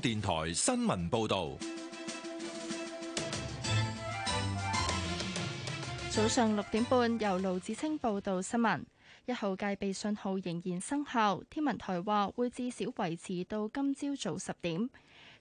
電台新聞報道，早上六點半由盧子清報道新聞。一號戒備信號仍然生效，天文台話會至少維持到今朝早十點。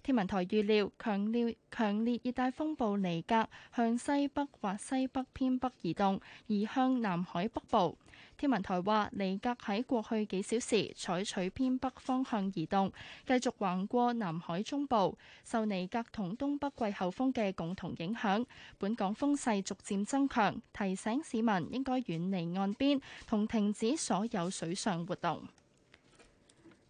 天文台預料強烈強烈熱帶風暴尼格向西北或西北偏北移動，移向南海北部。天文台話，尼格喺過去幾小時採取偏北方向移動，繼續橫過南海中部。受尼格同東北季候風嘅共同影響，本港風勢逐漸增強，提醒市民應該遠離岸邊，同停止所有水上活動。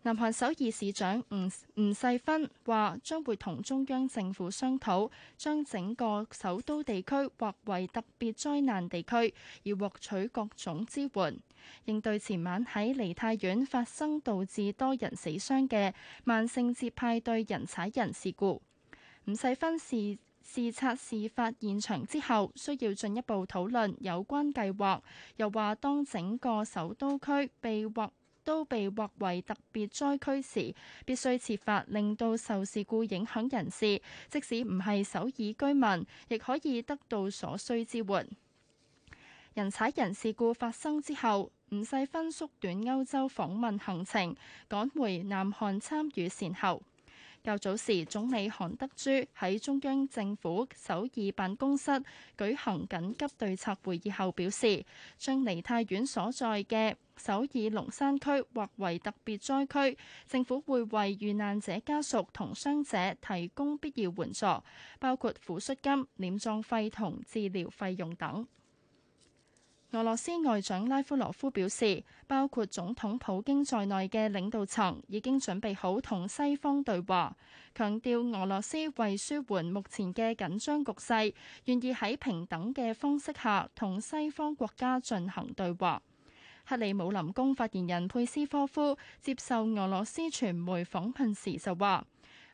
南韓首爾市長吳吳世勳話：將會同中央政府商討，將整個首都地區劃為特別災難地區，而獲取各種支援，應對前晚喺梨泰院發生導致多人死傷嘅萬聖節派對人踩人事故。吳世勳視視察事發現場之後，需要進一步討論有關計劃。又話：當整個首都區被劃都被劃為特別災區時，必須設法令到受事故影響人士，即使唔係首爾居民，亦可以得到所需支援。人踩人事故發生之後，吳世勳縮短歐洲訪問行程，趕回南韓參與善後。較早時，總理韓德珠喺中央政府首爾辦公室舉行緊急對策會議後表示，將梨泰院所在嘅首爾龍山區或為特別災區，政府會為遇難者家屬同傷者提供必要援助，包括撫恤金、殮葬費同治療費用等。俄羅斯外長拉夫羅夫表示，包括總統普京在內嘅領導層已經準備好同西方對話，強調俄羅斯為舒緩目前嘅緊張局勢，願意喺平等嘅方式下同西方國家進行對話。克里姆林宮發言人佩斯科夫接受俄羅斯傳媒訪問時就話，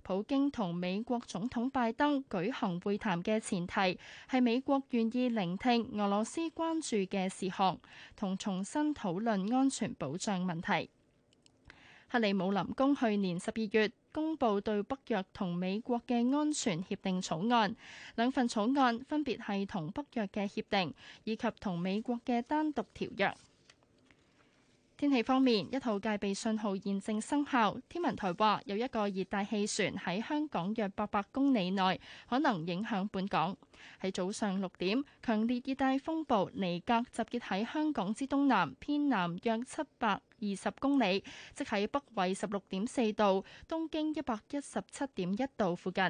普京同美國總統拜登舉行會談嘅前提係美國願意聆聽俄羅斯關注嘅事項，同重新討論安全保障問題。克里姆林宮去年十二月公布對北約同美國嘅安全協定草案，兩份草案分別係同北約嘅協定以及同美國嘅單獨條約。天氣方面，一號戒備信號現正生效。天文台話有一個熱帶氣旋喺香港約八百公里內可能影響本港。喺早上六點，強烈熱帶風暴尼格集結喺香港之東南偏南約七百二十公里，即喺北緯十六點四度、東經一百一十七點一度附近。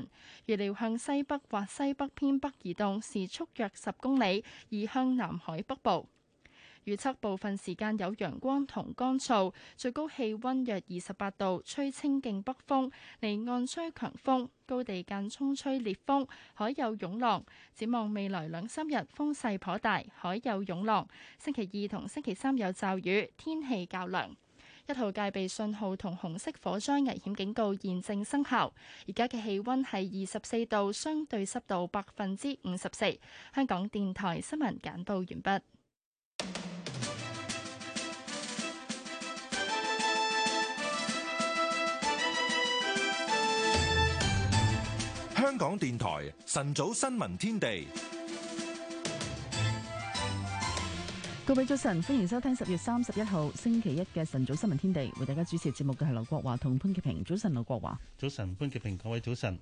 預料向西北或西北偏北移動時速約十公里，移向南海北部。預測部分時間有陽光同乾燥，最高氣溫約二十八度，吹清勁北風，離岸吹強風，高地間冲吹烈風，海有湧浪。展望未來兩三日風勢頗大，海有湧浪。星期二同星期三有驟雨，天氣較涼。一號戒備信號同紅色火災危險警告現正生效。而家嘅氣溫係二十四度，相對濕度百分之五十四。香港電台新聞簡報完畢。香港電台晨早新聞天地，各位早晨，歡迎收聽十月三十一號星期一嘅晨早新聞天地。為大家主持節目嘅係劉國華同潘潔平。早晨，劉國華。早晨，潘潔平。各位早晨。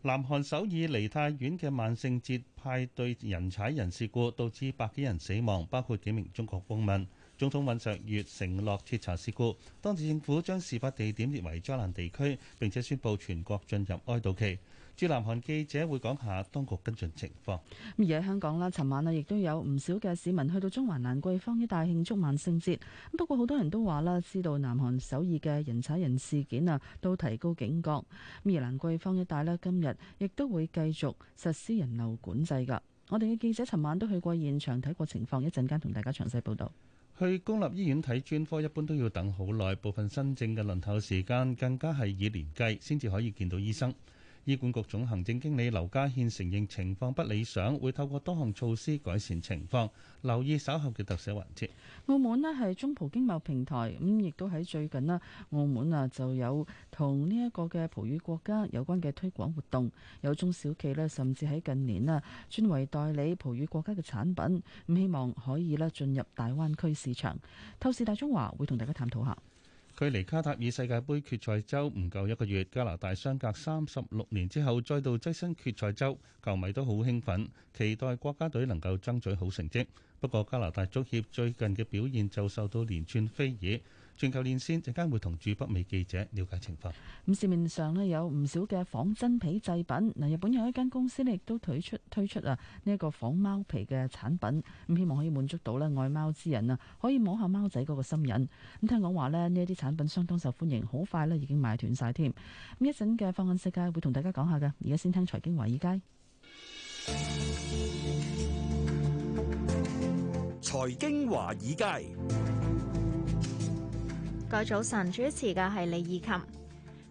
南韓首爾梨泰院嘅萬聖節派對人踩人事故，導致百幾人死亡，包括幾名中國公民。總統尹錫悅承諾徹查事故，當地政府將事發地點列為災難地區，並且宣布全國進入哀悼期。接南韓記者會講下當局跟進情況。而喺香港咧，尋晚啊，亦都有唔少嘅市民去到中環蘭桂坊一帶慶祝萬聖節。不過好多人都話啦，知道南韓首爾嘅人踩人事件啊，都提高警覺。而蘭桂坊一帶呢，今日亦都會繼續實施人流管制㗎。我哋嘅記者尋晚都去過現場睇過情況，一陣間同大家詳細報道。去公立醫院睇專科一般都要等好耐，部分新症嘅輪候時間更加係以年計先至可以見到醫生。醫管局總行政經理劉家憲承認情況不理想，會透過多項措施改善情況。留意稍後嘅特寫環節。澳門呢係中葡經貿平台，咁亦都喺最近咧，澳門啊就有同呢一個嘅葡語國家有關嘅推廣活動，有中小企呢，甚至喺近年咧轉為代理葡語國家嘅產品，咁希望可以呢進入大灣區市場。透視大中華會同大家探討下。距離卡塔爾世界盃決賽周唔夠一個月，加拿大相隔三十六年之後再度躋身決賽周，球迷都好興奮，期待國家隊能夠爭取好成績。不過加拿大足協最近嘅表現就受到連串非議。全球連線，陣間會同駐北美記者了解情況。咁市面上咧有唔少嘅仿真皮製品。嗱，日本有一間公司咧亦都推出推出啊呢一個仿貓皮嘅產品。咁希望可以滿足到咧愛貓之人啊，可以摸下貓仔嗰個心癮。咁聽講話咧呢啲產品相當受歡迎，好快咧已經賣斷晒添。咁一陣嘅放眼世界會同大家講下嘅。而家先聽財經華爾街，財經華爾街。各位早晨，主持嘅係李以琴。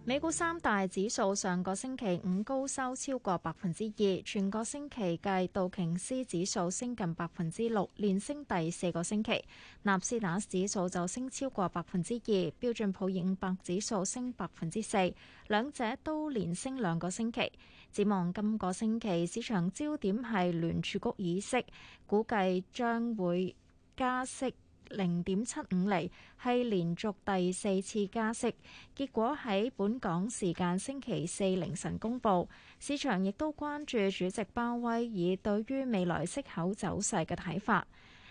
美股三大指數上個星期五高收超過百分之二，全個星期計道瓊斯指數升近百分之六，連升第四個星期。納斯達斯指數就升超過百分之二，標準普爾五百指數升百分之四，兩者都連升兩個星期。展望今個星期，市場焦點係聯儲局議息，估計將會加息。零點七五厘係連續第四次加息，結果喺本港時間星期四凌晨公布，市場亦都關注主席鮑威爾對於未來息口走勢嘅睇法。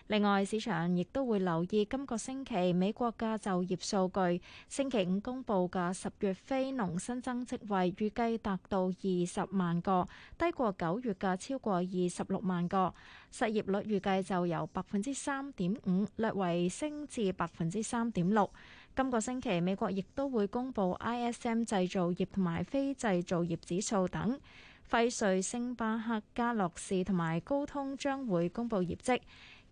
另外，市場亦都會留意今個星期美國嘅就業數據。星期五公佈嘅十月非農新增職位預計達到二十萬個，低過九月嘅超過二十六萬個。失業率預計就由百分之三點五略為升至百分之三點六。今個星期美國亦都會公佈 ISM 製造業同埋非製造業指數等。輝瑞、星巴克、加洛士同埋高通將會公佈業績。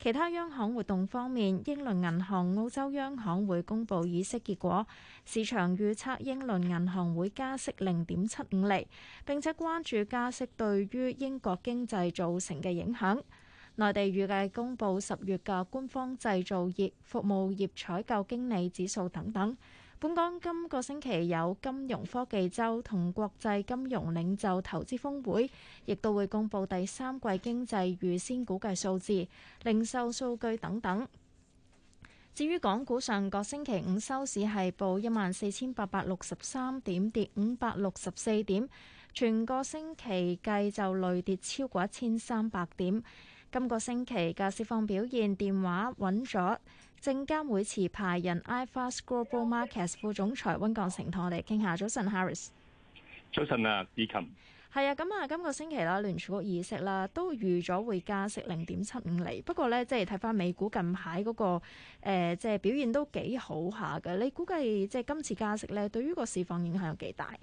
其他央行活動方面，英倫銀行、澳洲央行會公布議息結果，市場預測英倫銀行會加息零點七五厘，並且關注加息對於英國經濟造成嘅影響，內地預計公布十月嘅官方製造業、服務業採購經理指數等等。本港今個星期有金融科技周同國際金融領袖投資峰會，亦都會公布第三季經濟預先估計數字、零售數據等等。至於港股上個星期五收市係報一萬四千八百六十三點，跌五百六十四點，全個星期計就累跌超過一千三百點。今個星期嘅市況表現，電話穩咗。證監會持牌人 iFAST Global Markets 副總裁温鋼成同我哋傾下。早晨 Harris，早晨啊，B 君，係啊，咁啊，今個星期啦，聯儲局議息啦，都預咗會加息零點七五厘。不過咧，即係睇翻美股近排嗰、那個、呃、即係表現都幾好下嘅，你估計即係今次加息咧，對於個市況影響有幾大？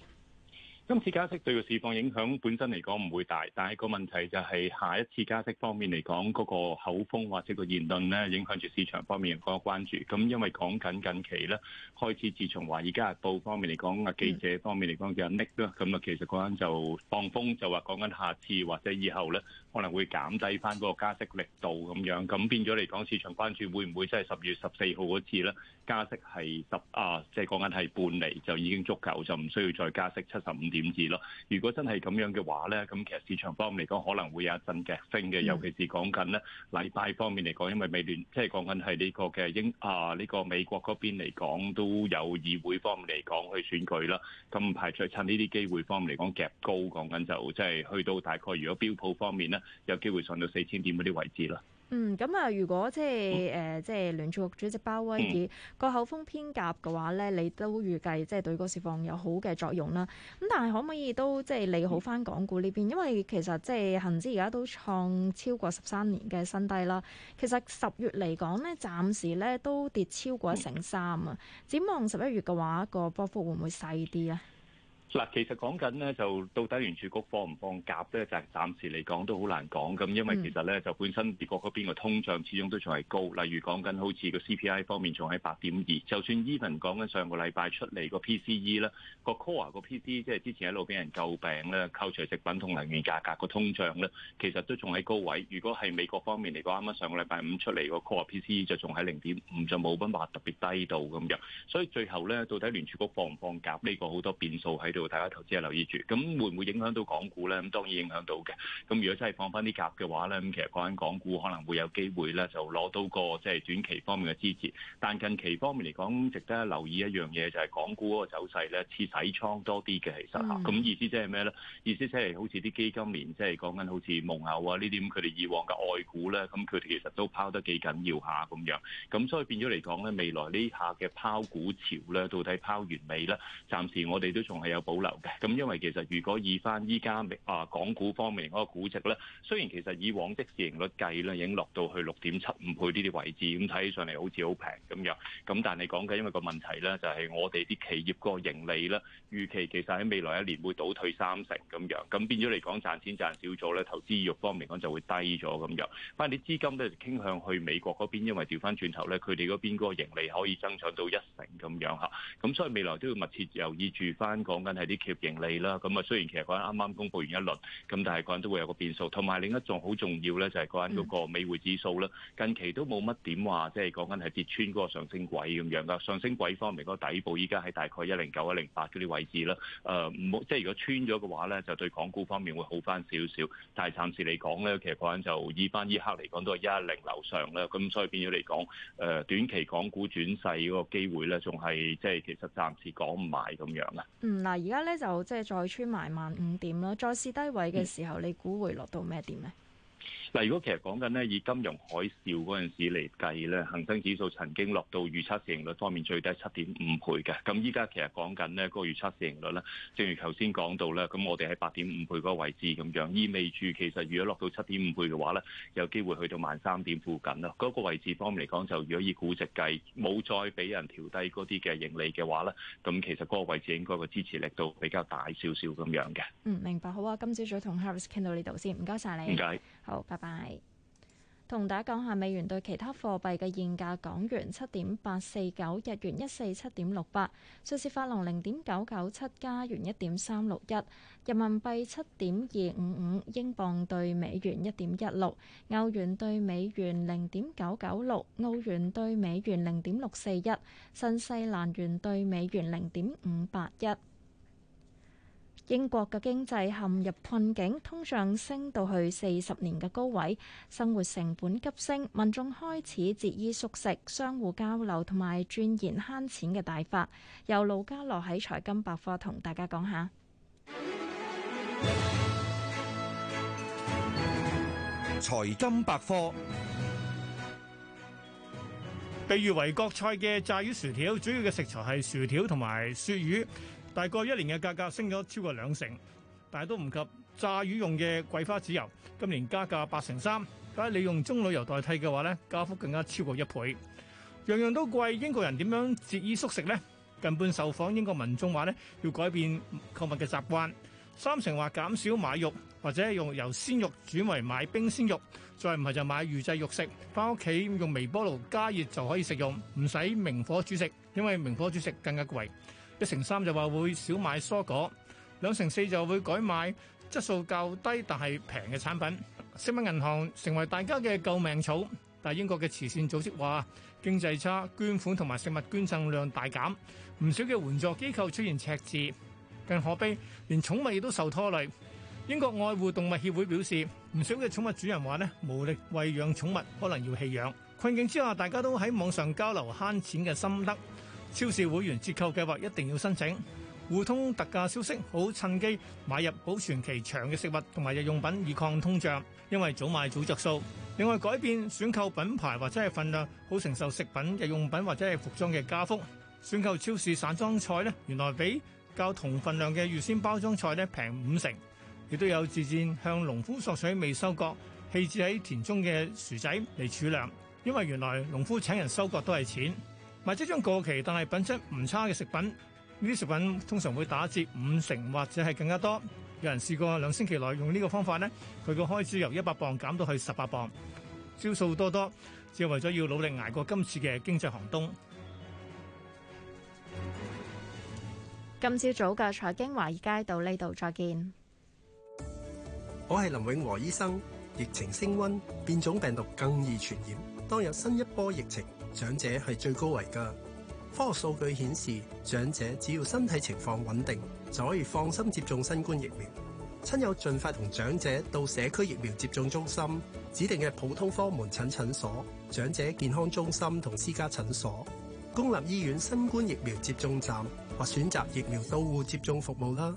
今次加息對個市況影響本身嚟講唔會大，但係個問題就係下一次加息方面嚟講，嗰、那個口風或者個言論咧，影響住市場方面嘅嗰關注。咁因為講緊近、近期咧，開始自從華爾街日報方面嚟講，啊記者方面嚟講叫 Nick 啦，咁啊其實嗰陣就放風就話講緊下次或者以後咧。可能會減低翻嗰個加息力度咁樣，咁變咗嚟講，市場關注會唔會真係十月十四號嗰次咧加息係十啊，即係講緊係半厘，就已經足夠，就唔需要再加息七十五點二咯。如果真係咁樣嘅話咧，咁其實市場方面嚟講可能會有一陣夾升嘅，尤其是講緊咧禮拜方面嚟講，因為美聯即係講緊係呢個嘅英啊呢個美國嗰邊嚟講都有議會方面嚟講去選舉啦。咁排除趁呢啲機會方面嚟講夾高，講緊就即係去到大概，如果標普方面咧。有機會上到四千點嗰啲位置啦。嗯，咁啊，如果即係誒，即係、嗯呃即係、聯儲局主席鮑威爾個、嗯、口風偏鴿嘅話咧，你都預計即係對個市況有好嘅作用啦。咁但係可唔可以都即係利好翻港股呢邊？因為其實即係恒指而家都創超過十三年嘅新低啦。其實十月嚟講咧，暫時咧都跌超過一成三啊。展望十一月嘅話，個波幅會唔會細啲啊？嗱，其實講緊咧，就到底聯儲局放唔放鴿咧，就係、暫時嚟講都好難講咁，因為其實咧就本身美國嗰邊個通脹始終都仲係高，例如講緊好似個 CPI 方面仲喺八點二，就算 Even 講緊上個禮拜出嚟個 PCE 咧，個 Core 個 PCE 即係之前一路俾人詬病咧，扣除食品同能源價格個通脹咧，其實都仲喺高位。如果係美國方面嚟講，啱啱上個禮拜五出嚟個 Core 的 PCE 就仲喺零點五，就冇乜話特別低度咁樣，所以最後咧，到底聯儲局放唔放鴿呢、呢個好多變數喺度。大家投資係留意住，咁會唔會影響到港股咧？咁當然影響到嘅。咁如果真係放翻啲鴿嘅話咧，咁其實講緊港股可能會有機會咧，就攞到個即係短期方面嘅支持。但近期方面嚟講，值得留意一樣嘢就係、是、港股嗰個走勢咧，似洗倉多啲嘅，其實嚇。咁、嗯、意思即係咩咧？意思即係好似啲基金連，即係講緊好似蒙牛啊呢啲，佢哋以往嘅愛股咧，咁佢哋其實都拋得幾緊要下咁樣。咁所以變咗嚟講咧，未來呢下嘅拋股潮咧，到底拋完未咧？暫時我哋都仲係有。保留嘅，咁因為其實如果以翻依家啊港股方面嗰個估值，咧，雖然其實以往的市盈率計咧已經落到去六點七五倍呢啲位置，咁睇起上嚟好似好平咁樣，咁但係你講緊因為個問題咧就係我哋啲企業個盈利咧預期其實喺未來一年會倒退三成咁樣，咁變咗嚟講賺錢賺少咗咧，投資意欲方面講就會低咗咁樣，反而啲資金咧傾向去美國嗰邊，因為調翻轉頭咧佢哋嗰邊嗰個盈利可以增長到一成咁樣吓，咁所以未來都要密切留意住翻講緊。係啲企業盈利啦，咁啊雖然其實嗰陣啱啱公布完一輪，咁但係嗰陣都會有個變數。同埋另一種好重要咧，就係講緊嗰個美匯指數啦，近期都冇乜點話，即係講緊係跌穿嗰個上升軌咁樣噶。上升軌方面嗰個底部依家喺大概一零九一零八嗰啲位置啦。誒唔好，即係如果穿咗嘅話咧，就對港股方面會好翻少少。但係暫時嚟講咧，其實嗰陣就依翻依刻嚟講都係一零樓上啦。咁所以變咗嚟講，誒短期港股轉勢嗰個機會咧，仲係即係其實暫時講唔埋咁樣啊。嗯，嗱。而家咧就即係再穿埋萬五點咯，再試低位嘅時候，嗯、你估會落到咩點呢？嗱，如果其實講緊呢，以金融海嘯嗰陣時嚟計呢，恒生指數曾經落到預測市盈率方面最低七點五倍嘅。咁依家其實講緊呢個預測市盈率呢，正如頭先講到咧，咁我哋喺八點五倍嗰個位置咁樣，意味住其實如果落到七點五倍嘅話呢，有機會去到萬三點附近啦。嗰、那個位置方面嚟講，就如果以估值計，冇再俾人調低嗰啲嘅盈利嘅話呢，咁其實嗰個位置應該個支持力度比較大少少咁樣嘅。嗯，明白。好啊，今朝早同 Harris 傾到呢度先，唔該曬你。唔該謝。好。拜拜拜同大家講下美元對其他貨幣嘅現價：港元七點八四九，日元一四七點六八，瑞士法郎零點九九七，加元一點三六一，人民幣七點二五五，英鎊對美元一點一六，歐元對美元零點九九六，澳元對美元零點六四一，新西蘭元對美元零點五八一。英國嘅經濟陷入困境，通脹升到去四十年嘅高位，生活成本急升，民眾開始節衣縮食、相互交流同埋鑽研慳錢嘅大法。由盧家樂喺財金百貨同大家講下。財金百貨，百貨被譽為國菜嘅炸魚薯條，主要嘅食材係薯條同埋鱈魚。大概一年嘅價格升咗超過兩成，但係都唔及炸魚用嘅桂花籽油今年加價八成三。假如用棕櫚油代替嘅話咧，加幅更加超過一倍。樣樣都貴，英國人點樣節衣縮食呢？近半受訪英國民眾話咧，要改變購物嘅習慣。三成話減少買肉，或者用由鮮肉轉為買冰鮮肉，再唔係就買預製肉食，翻屋企用微波爐加熱就可以食用，唔使明火煮食，因為明火煮食更加貴。一成三就話會少買蔬果，兩成四就會改買質素較低但係平嘅產品。食物銀行成為大家嘅救命草，但英國嘅慈善組織話經濟差，捐款同埋食物捐贈量大減，唔少嘅援助機構出現赤字。更可悲，連寵物亦都受拖累。英國愛護動物協會表示，唔少嘅寵物主人話咧無力餵養寵物，可能要棄養。困境之下，大家都喺網上交流慳錢嘅心得。超市會員折扣計劃一定要申請，互通特價消息，好趁機買入保存期長嘅食物同埋日用品以抗通脹，因為早買早著數。另外改變選購品牌或者係份量，好承受食品、日用品或者係服裝嘅加幅。選購超市散裝菜呢，原來比較同份量嘅預先包裝菜呢平五成，亦都有自願向農夫索取未收割、棄置喺田中嘅薯仔嚟儲糧，因為原來農夫請人收割都係錢。買即將過期但係品質唔差嘅食品，呢啲食品通常會打折五成或者係更加多。有人試過兩星期內用呢個方法呢，佢個開支由一百磅減到去十八磅，招數多多，只係為咗要努力捱過今次嘅經濟寒冬。今朝早嘅財經華爾街到呢度再見。我係林永和醫生，疫情升溫，變種病毒更易傳染，當有新一波疫情。長者係最高危噶。科學數據顯示，長者只要身體情況穩定，就可以放心接種新冠疫苗。親友盡快同長者到社區疫苗接種中心、指定嘅普通科門診診所、長者健康中心同私家診所、公立醫院新冠疫苗接種站或選擇疫苗到戶接種服務啦。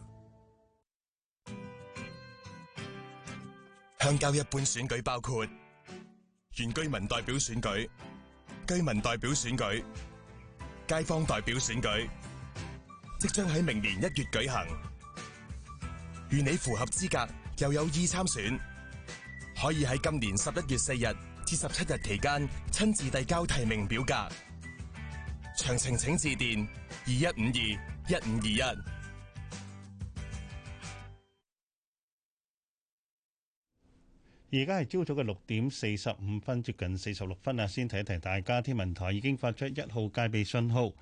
鄉郊一般選舉包括原居民代表選舉。居民代表選舉、街坊代表選舉即將喺明年一月舉行。如你符合資格又有意參選，可以喺今年十一月四日至十七日期間親自遞交提名表格。詳情請致電二一五二一五二一。而家係朝早嘅六點四十五分，接近四十六分啊！先提一提大家，天文台已經發出一號戒備信號，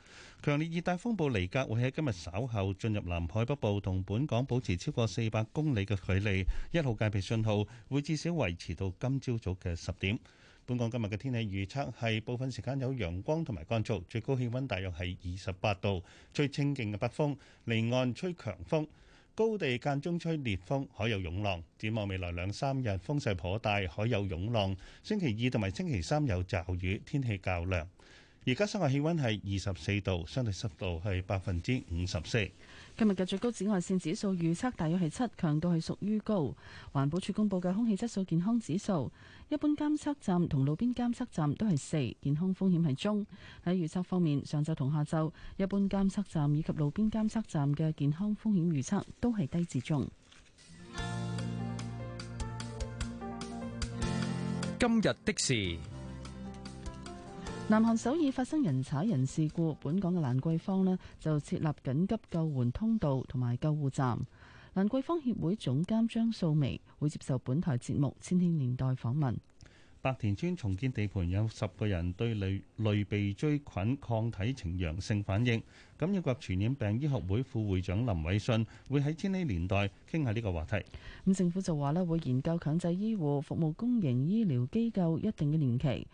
強烈熱帶風暴尼格會喺今日稍後進入南海北部，同本港保持超過四百公里嘅距離。一號戒備信號會至少維持到今朝早嘅十點。本港今日嘅天氣預測係部分時間有陽光同埋乾燥，最高氣温大約係二十八度，吹清勁嘅北風，離岸吹強風。高地間中吹烈風，海有湧浪。展望未來兩三日，風勢頗大，海有湧浪。星期二同埋星期三有驟雨，天氣較涼。而家室外氣温係二十四度，相對濕度係百分之五十四。今日嘅最高紫外線指數預測大約係七，強度係屬於高。環保署公布嘅空氣質素健康指數，一般監測站同路邊監測站都係四，健康風險係中。喺預測方面，上晝同下晝，一般監測站以及路邊監測站嘅健康風險預測都係低至中。今日的事。南韓首爾發生人踩人事故，本港嘅蘭桂坊呢就設立緊急救援通道同埋救護站。蘭桂坊協會總監張素眉會接受本台節目《千禧年代》訪問。白田村重建地盤有十個人對類鼻疽菌抗體呈陽性反應，咁感染及傳染病醫學會副會長林緯遜會喺《千禧年代》傾下呢個話題。咁政府就話咧會研究強制醫護服務公營醫療機構一定嘅年期。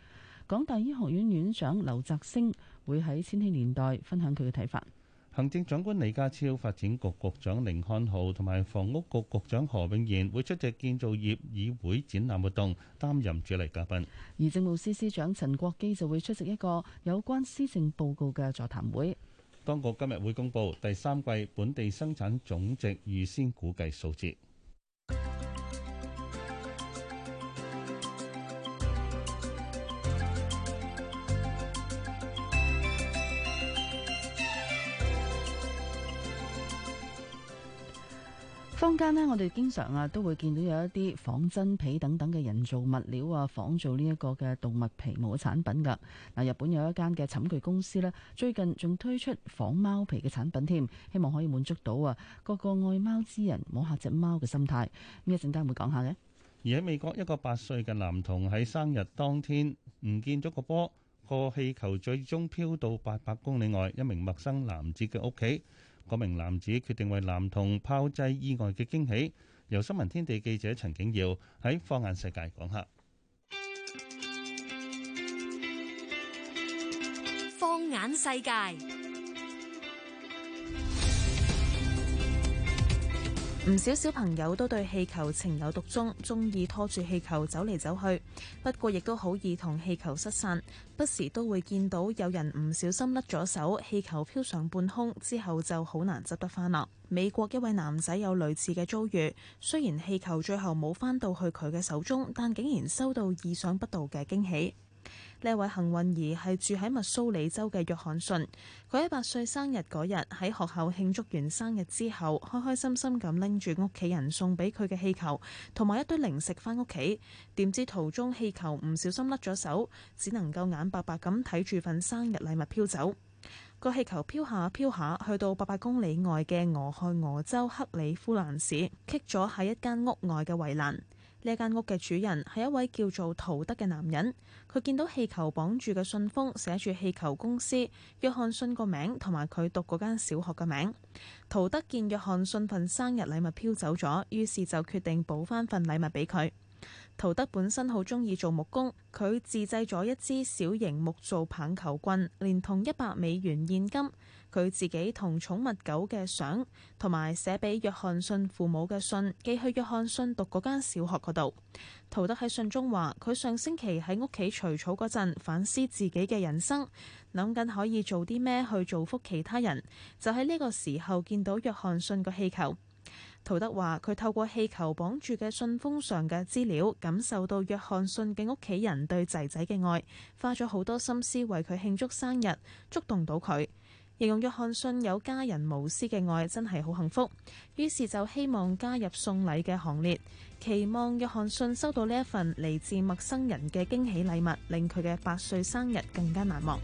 港大醫學院院長劉澤星會喺千禧年代分享佢嘅睇法。行政長官李家超、發展局局長寧漢豪同埋房屋局局長何永賢會出席建造業議會展覽活動，擔任主禮嘉賓。而政務司司長陳國基就會出席一個有關施政報告嘅座談會。當局今日會公布第三季本地生產總值預先估計數字。坊間呢，我哋經常啊都會見到有一啲仿真皮等等嘅人造物料啊，仿造呢一個嘅動物皮毛產品㗎。嗱，日本有一間嘅寢具公司呢，最近仲推出仿貓皮嘅產品添，希望可以滿足到啊個個愛貓之人摸摸下隻貓嘅心態。咁一陣間會講下嘅？而喺美國，一個八歲嘅男童喺生日當天唔見咗個波個氣球，最終漂到八百公里外一名陌生男子嘅屋企。嗰名男子決定為男童炮製意外嘅驚喜，由新聞天地記者陳景耀喺放眼世界講下。放眼世界。唔少小朋友都對氣球情有獨鍾，鍾意拖住氣球走嚟走去，不過亦都好易同氣球失散，不時都會見到有人唔小心甩咗手，氣球飄上半空之後就好難執得返啦。美國一位男仔有類似嘅遭遇，雖然氣球最後冇返到去佢嘅手中，但竟然收到意想不到嘅驚喜。呢位幸運兒係住喺密蘇里州嘅約翰遜，佢喺八歲生日嗰日喺學校慶祝完生日之後，開開心心咁拎住屋企人送俾佢嘅氣球同埋一堆零食返屋企，點知途中氣球唔小心甩咗手，只能夠眼白白咁睇住份生日禮物飄走。個氣球飄下飄下去到八百公里外嘅俄亥俄州克里夫蘭市，棘咗喺一間屋外嘅圍欄。呢間屋嘅主人係一位叫做陶德嘅男人，佢見到氣球綁住嘅信封，寫住氣球公司約翰遜個名同埋佢讀嗰間小學嘅名。陶德見約翰遜份生日禮物飄走咗，於是就決定補翻份禮物俾佢。陶德本身好中意做木工，佢自製咗一支小型木造棒球棍，連同一百美元現金，佢自己同寵物狗嘅相，同埋寫俾約翰遜父母嘅信，寄去約翰遜讀嗰間小學嗰度。陶德喺信中話：佢上星期喺屋企除草嗰陣，反思自己嘅人生，諗緊可以做啲咩去造福其他人，就喺呢個時候見到約翰遜個氣球。陶德話：佢透過氣球綁住嘅信封上嘅資料，感受到約翰遜嘅屋企人對仔仔嘅愛，花咗好多心思為佢慶祝生日，觸動到佢。形容約翰遜有家人無私嘅愛真係好幸福。於是就希望加入送禮嘅行列，期望約翰遜收到呢一份嚟自陌生人嘅驚喜禮物，令佢嘅八歲生日更加難忘。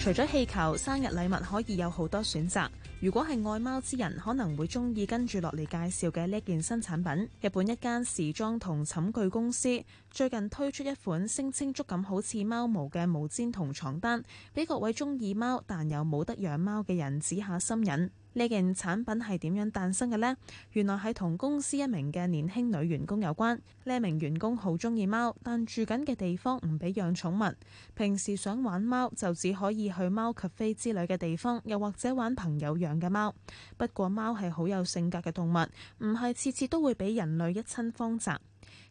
除咗氣球，生日禮物可以有好多選擇。如果係愛貓之人，可能會中意跟住落嚟介紹嘅呢件新產品。日本一間時裝同寢具公司最近推出一款聲稱觸感好似貓毛嘅毛氈同床單，俾各位中意貓但又冇得養貓嘅人指下心癮。呢件產品係點樣誕生嘅呢？原來係同公司一名嘅年輕女員工有關。呢名員工好中意貓，但住緊嘅地方唔俾養寵物。平時想玩貓就只可以去貓咖啡之類嘅地方，又或者玩朋友養嘅貓。不過貓係好有性格嘅動物，唔係次次都會俾人類一親芳澤。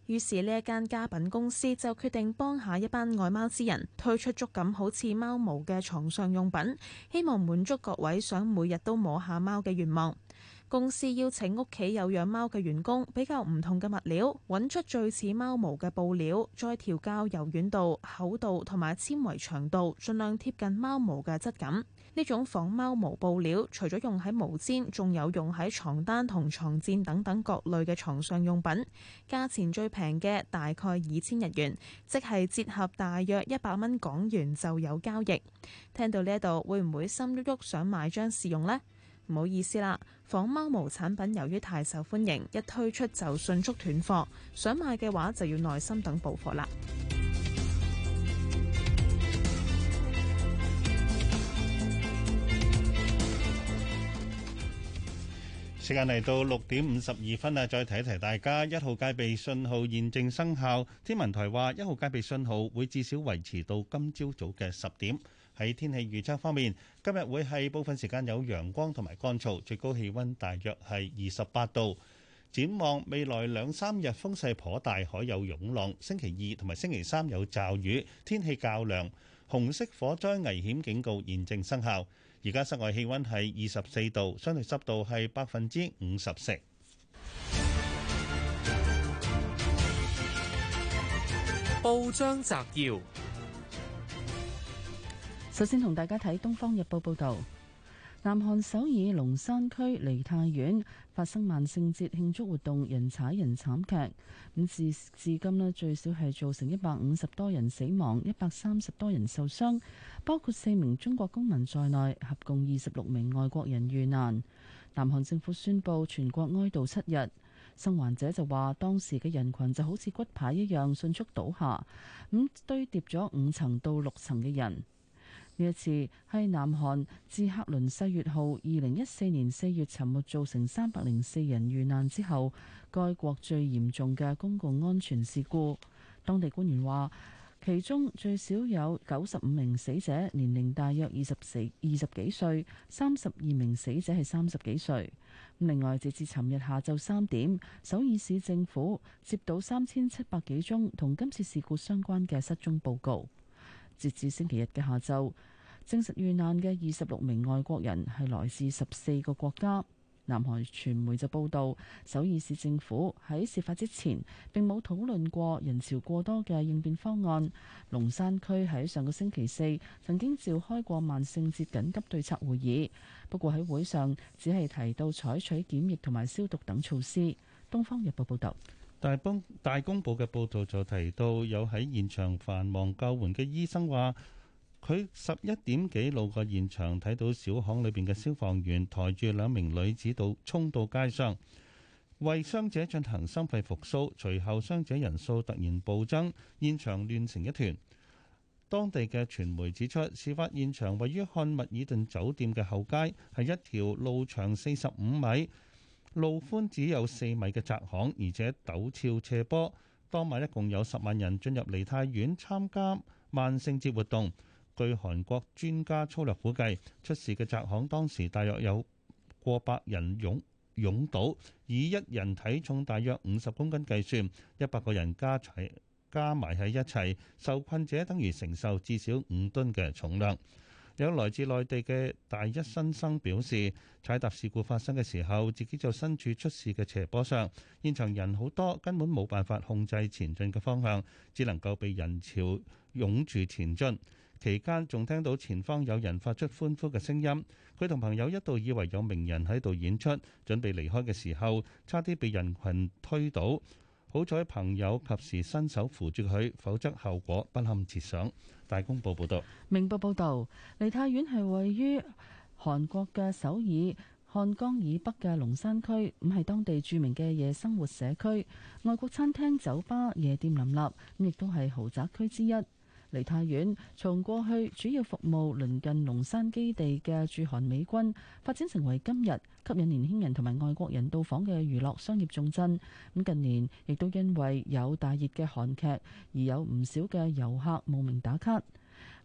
於是呢一間家品公司就決定幫下一班愛貓之人推出觸感好似貓毛嘅床上用品，希望滿足各位想每日都摸下貓嘅願望。公司邀請屋企有養貓嘅員工比較唔同嘅物料，揾出最似貓毛嘅布料，再調校柔軟度、厚度同埋纖維長度，盡量貼近貓毛嘅質感。呢種仿貓毛布料除咗用喺毛氈，仲有用喺床單同床墊等等各類嘅床上用品。價錢最平嘅大概二千日元，即係折合大約一百蚊港元就有交易。聽到呢一度會唔會心喐喐想買張試用呢？唔好意思啦。仿貓毛產品由於太受歡迎，一推出就迅速斷貨，想買嘅話就要耐心等補貨啦。時間嚟到六點五十二分啦，再提一提大家，一號戒備信號現正生效。天文台話，一號戒備信號會至少維持到今朝早嘅十點。喺天氣預測方面，今日會係部分時間有陽光同埋乾燥，最高氣溫大約係二十八度。展望未來兩三日風勢頗大，海有湧浪。星期二同埋星期三有驟雨，天氣較涼。紅色火災危險警告現正生效。而家室外氣溫係二十四度，相對濕度係百分之五十四。報章摘要。首先同大家睇《東方日報》報導，南韓首爾龍山區梨泰院發生萬聖節慶祝活動人踩人慘劇。咁至至今咧最少係造成一百五十多人死亡，一百三十多人受傷，包括四名中國公民在內，合共二十六名外國人遇難。南韓政府宣布全國哀悼七日。生還者就話，當時嘅人群就好似骨牌一樣迅速倒下，咁堆疊咗五層到六層嘅人。呢一次係南韓自客輪世越號二零一四年四月沉沒造成三百零四人遇難之後，該國最嚴重嘅公共安全事故。當地官員話，其中最少有九十五名死者，年齡大約二十四二十幾歲，三十二名死者係三十幾歲。另外，直至尋日下晝三點，首爾市政府接到三千七百幾宗同今次事故相關嘅失蹤報告。截至星期日嘅下晝，證實遇難嘅二十六名外國人係來自十四個國家。南韓傳媒就報道，首爾市政府喺事發之前並冇討論過人潮過多嘅應變方案。龍山區喺上個星期四曾經召開過萬聖節緊急對策會議，不過喺會上只係提到採取檢疫同埋消毒等措施。《東方日報》報道。大公大公報嘅報道就提到，有喺現場繁忙救援嘅醫生話，佢十一點幾路過現場，睇到小巷裏邊嘅消防員抬住兩名女子到衝到街上，為傷者進行心肺復甦。隨後傷者人數突然暴增，現場亂成一團。當地嘅傳媒指出，事發現場位於漢密爾頓酒店嘅後街，係一條路長四十五米。路寬只有四米嘅窄巷，而且陡峭斜坡。當晚一共有十萬人進入梨泰院參加萬聖節活動。據韓國專家粗略估計，出事嘅窄巷當時大約有過百人擁擁堵，以一人體重大約五十公斤計算，一百個人加齊加埋喺一齊，受困者等如承受至少五噸嘅重量。有來自內地嘅大一新生表示，踩踏事故發生嘅時候，自己就身處出事嘅斜坡上，現場人好多，根本冇辦法控制前進嘅方向，只能夠被人潮擁住前進。期間仲聽到前方有人發出歡呼嘅聲音，佢同朋友一度以為有名人喺度演出，準備離開嘅時候，差啲被人群推倒。好彩朋友及時伸手扶住佢，否則後果不堪設想。大公報報道，明報報道，梨泰院係位於韓國嘅首爾漢江以北嘅龍山區，咁係當地著名嘅夜生活社區，外國餐廳、酒吧、夜店林立，咁亦都係豪宅區之一。梨泰院，從過去主要服務鄰近龍山基地嘅駐韓美軍，發展成為今日吸引年輕人同埋外國人到訪嘅娛樂商業重鎮。咁近年亦都因為有大熱嘅韓劇，而有唔少嘅遊客慕名打卡。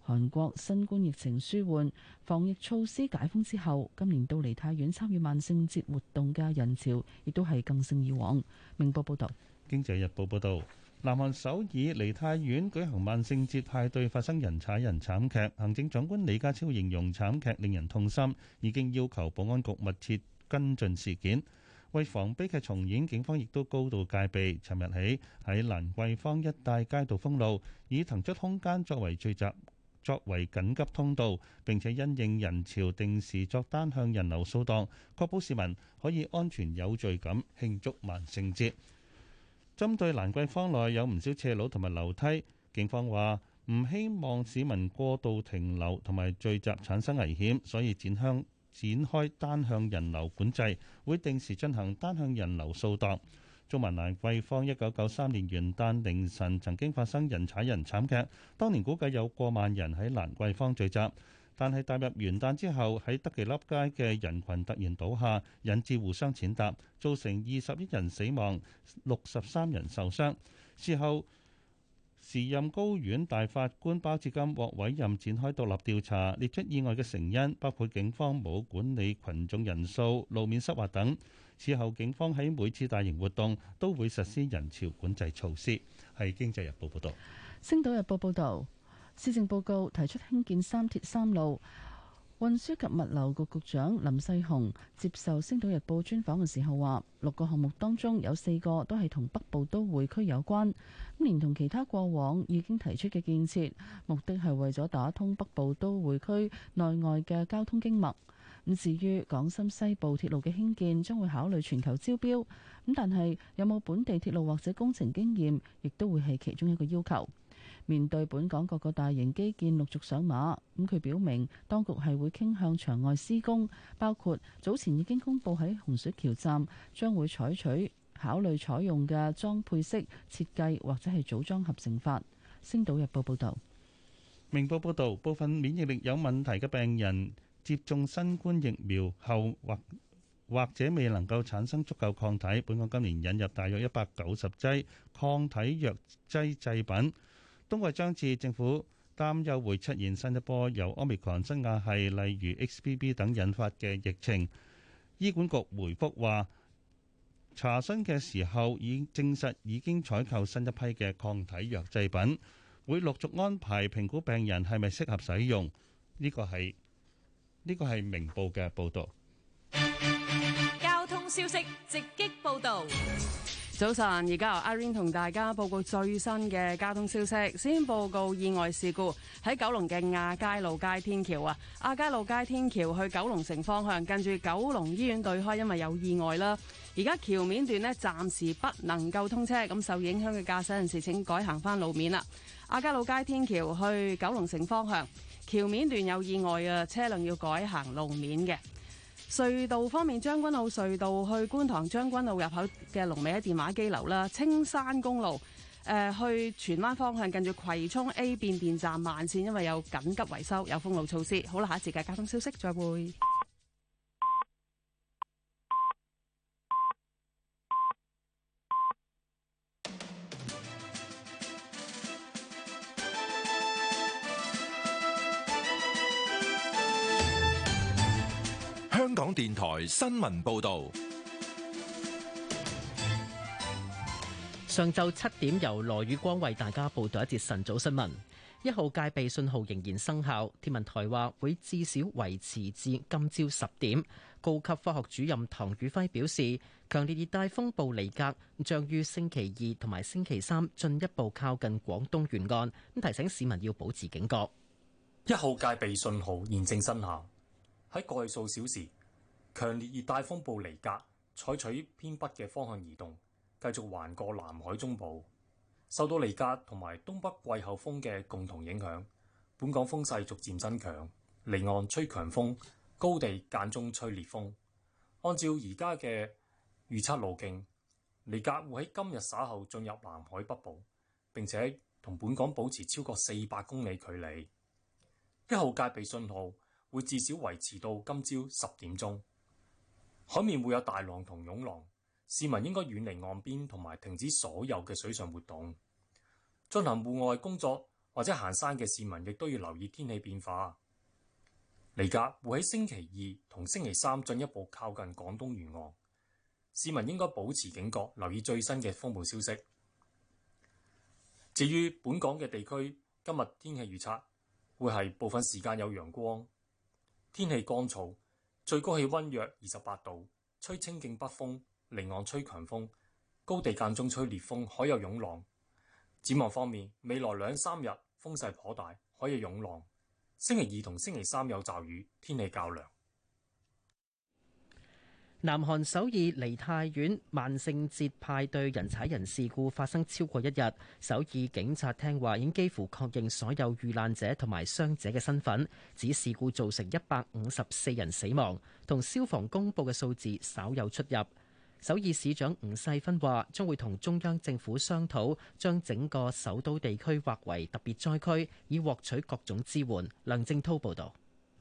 韓國新冠疫情舒緩，防疫措施解封之後，今年到梨泰院參與萬聖節活動嘅人潮，亦都係更勝以往。明報報道，經濟日報報道。南韓首爾梨泰院舉行萬聖節派對，發生人踩人慘劇。行政長官李家超形容慘劇令人痛心，已經要求保安局密切跟進事件。為防悲劇重演，警方亦都高度戒備。尋日起喺蘭桂坊一帶街道封路，以騰出空間作為聚集、作為緊急通道。並且因應人潮，定時作單向人流掃蕩，確保市民可以安全有序咁慶祝萬聖節。針對蘭桂坊內有唔少斜路同埋樓梯，警方話唔希望市民過度停留同埋聚集產生危險，所以展香展開單向人流管制，會定時進行單向人流掃蕩。仲有蘭桂坊一九九三年元旦凌晨曾經發生人踩人慘劇，當年估計有過萬人喺蘭桂坊聚集。但係踏入元旦之後，喺德己立街嘅人群突然倒下，引致互相踐踏，造成二十一人死亡、六十三人受傷。事後，時任高院大法官包致金獲委任展開獨立調查，列出意外嘅成因，包括警方冇管理群眾人數、路面濕滑等。事後，警方喺每次大型活動都會實施人潮管制措施。係《經濟日報》報道，《星島日報》報道。施政報告提出興建三鐵三路，運輸及物流局局長林世雄接受《星島日報》專訪嘅時候話：六個項目當中有四個都係同北部都會區有關，咁連同其他過往已經提出嘅建設，目的係為咗打通北部都會區內外嘅交通經脈。咁至於港深西部鐵路嘅興建，將會考慮全球招標，咁但係有冇本地鐵路或者工程經驗，亦都會係其中一個要求。面對本港各個大型基建陸續上馬，咁佢表明當局係會傾向場外施工，包括早前已經公布喺洪水橋站將會採取考慮採用嘅裝配式設計，或者係組裝合成法。星島日報報導，明報報導，部分免疫力有問題嘅病人接種新冠疫苗後或或者未能夠產生足夠抗體。本港今年引入大約一百九十劑抗體藥劑製品。冬季將至，政府擔憂會出現新一波由奧密克戎新亞系，例如 XBB 等引發嘅疫情。醫管局回覆話，查詢嘅時候已經證實已經採購新一批嘅抗體藥製品，會陸續安排評估病人係咪適合使用。呢個係呢個係明報嘅報導。交通消息直擊報導。早晨，而家由阿 Irene 同大家報告最新嘅交通消息。先報告意外事故，喺九龍嘅亞皆老街天橋啊，亞皆老街天橋去九龍城方向，近住九龍醫院對開，因為有意外啦。而家橋面段呢，暫時不能夠通車，咁受影響嘅駕駛人士請改行翻路面啦。亞皆老街天橋去九龍城方向，橋面段有意外啊，車輛要改行路面嘅。隧道方面，將軍澳隧道去觀塘將軍澳入口嘅龍尾一電話機樓啦。青山公路誒、呃、去荃灣方向近住葵涌 A 變電站慢線，因為有緊急維修，有封路措施。好啦，下一次嘅交通消息再會。香港電台新聞報道，上晝七點由羅宇光為大家報道一節晨早新聞。一號戒備信號仍然生效，天文台話會至少維持至今朝十點。高級科學主任唐宇輝表示，強烈熱帶風暴尼格將於星期二同埋星期三進一步靠近廣東沿岸，咁提醒市民要保持警覺。一號戒備信號現正生效。喺過去數小時，強烈熱帶風暴尼格採取偏北嘅方向移動，繼續橫過南海中部。受到尼格同埋東北季候風嘅共同影響，本港風勢逐漸增強，離岸吹強風，高地間中吹烈風。按照而家嘅預測路徑，尼格會喺今日稍後進入南海北部，並且同本港保持超過四百公里距離。一號戒備信號，會至少維持到今朝十點鐘，海面會有大浪同湧浪，市民應該遠離岸邊同埋停止所有嘅水上活動。進行戶外工作或者行山嘅市民亦都要留意天氣變化。尼格會喺星期二同星期三進一步靠近廣東沿岸，市民應該保持警覺，留意最新嘅風暴消息。至於本港嘅地區，今日天，天氣預測會係部分時間有陽光。天氣乾燥，最高氣溫約二十八度，吹清勁北風，離岸吹強風，高地間中吹烈風，海有湧浪。展望方面，未來兩三日風勢頗大，海有湧浪。星期二同星期三有驟雨，天氣較涼。南韓首爾梨泰院萬聖節派對人踩人事故發生超過一日，首爾警察聽廳話已經幾乎確認所有遇難者同埋傷者嘅身份，指事故造成一百五十四人死亡，同消防公布嘅數字稍有出入。首爾市長吳世勳話將會同中央政府商討，將整個首都地區劃為特別災區，以獲取各種支援。梁正滔報導。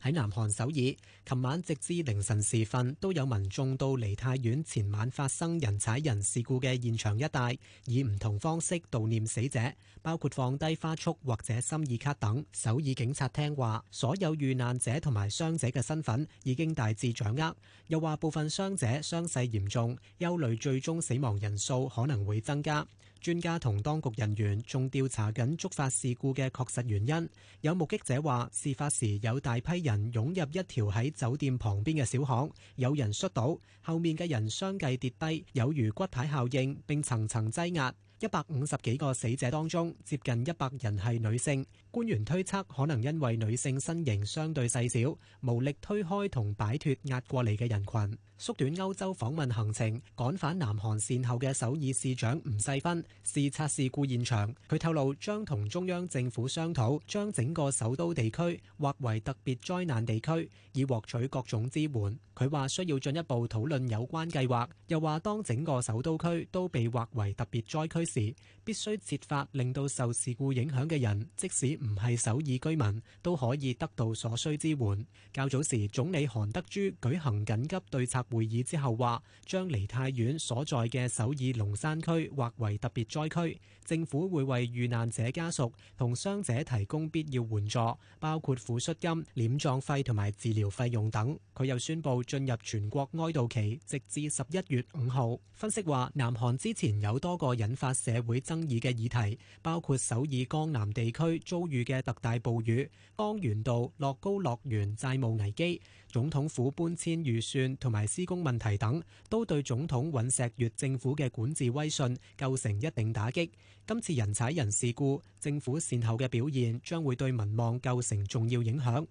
喺南韓首爾，琴晚直至凌晨時分，都有民眾到梨泰院前晚發生人踩人事故嘅現場一帶，以唔同方式悼念死者，包括放低花束或者心意卡等。首爾警察廳話，所有遇難者同埋傷者嘅身份已經大致掌握，又話部分傷者傷勢嚴重，憂慮最終死亡人數可能會增加。專家同當局人員仲調查緊觸發事故嘅確實原因。有目擊者話，事發時有大批人湧入一條喺酒店旁邊嘅小巷，有人摔倒，後面嘅人相繼跌低，有如骨牌效應，並層層擠壓。一百五十幾個死者當中，接近一百人係女性。官員推測可能因為女性身形相對細小，無力推開同擺脱壓過嚟嘅人群。縮短歐洲訪問行程，趕返南韓善後嘅首爾市長吳世勳視察事故現場。佢透露將同中央政府商討，將整個首都地區劃為特別災難地區，以獲取各種支援。佢話需要進一步討論有關計劃，又話當整個首都區都被劃為特別災區時，必須設法令到受事故影響嘅人，即使唔係首爾居民都可以得到所需支援。較早時，總理韓德珠舉行緊急對策會議之後，話將梨泰院所在嘅首爾龍山區劃為特別災區，政府會為遇難者家屬同傷者提供必要援助，包括撫恤金、殮葬費同埋治療費用等。佢又宣布進入全國哀悼期，直至十一月五號。分析話，南韓之前有多個引發社會爭議嘅議題，包括首爾江南地區遭遇嘅特大暴雨、江原道樂高樂園債務危機、總統府搬遷預算同埋施工問題等，都對總統尹錫悦政府嘅管治威信構成一定打擊，今次人踩人事故，政府善後嘅表現將會對民望構成重要影響，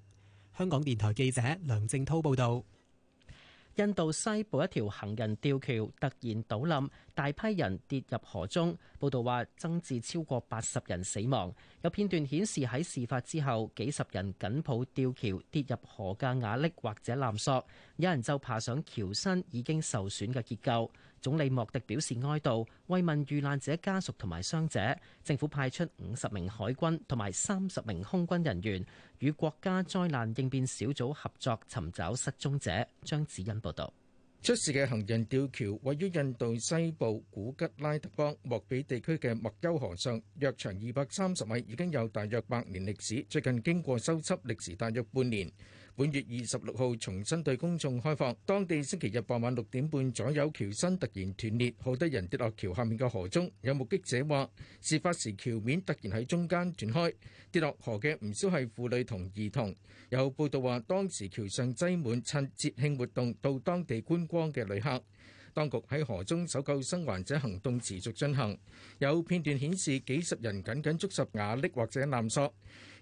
香港電台記者梁正濤報道。印度西部一條行人吊橋突然倒冧，大批人跌入河中。報道話增至超過八十人死亡。有片段顯示喺事發之後，幾十人緊抱吊橋跌入河架瓦礫或者纜索，有人就爬上橋身已經受損嘅結構。總理莫迪表示哀悼，慰問遇難者家屬同埋傷者。政府派出五十名海軍同埋三十名空軍人員，與國家災難應變小組合作尋找失蹤者。張子欣報導。出事嘅行人吊橋位於印度西部古吉拉特邦莫比地區嘅墨丘河上，約長二百三十米，已經有大約百年歷史。最近經過修葺，歷時大約半年。本月二十六號重新對公眾開放。當地星期日傍晚六點半左右，橋身突然斷裂，好多人跌落橋下面嘅河中。有目擊者話，事發時橋面突然喺中間斷開，跌落河嘅唔少係婦女同兒童。有報道話，當時橋上擠滿趁節慶活動到當地觀光嘅旅客。當局喺河中搜救生還者行動持續進行，有片段顯示幾十人緊緊捉實瓦礫或者纜索。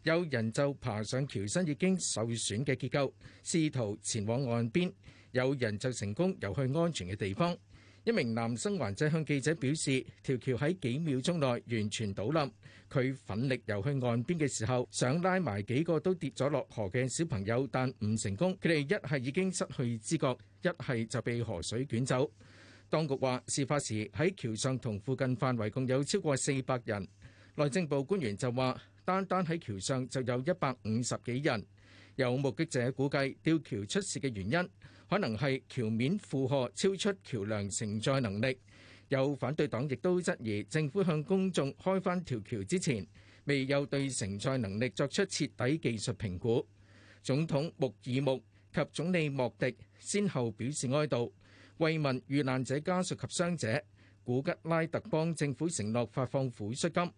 有人就爬上橋身已經受損嘅結構，試圖前往岸邊；有人就成功游去安全嘅地方。一名男生傷者向記者表示，條橋喺幾秒鐘內完全倒冧。佢奮力游去岸邊嘅時候，想拉埋幾個都跌咗落河嘅小朋友，但唔成功。佢哋一係已經失去知覺，一係就被河水捲走。當局話，事發時喺橋上同附近範圍共有超過四百人。內政部官員就話。單單喺橋上就有一百五十幾人，有目擊者估計吊橋出事嘅原因可能係橋面負荷超出橋梁承載能力。有反對黨亦都質疑政府向公眾開返條橋之前，未有對承載能力作出徹底技術評估。總統穆爾穆及總理莫迪先後表示哀悼，慰問遇難者家屬及傷者。古吉拉特邦政府承諾發放撫恤金。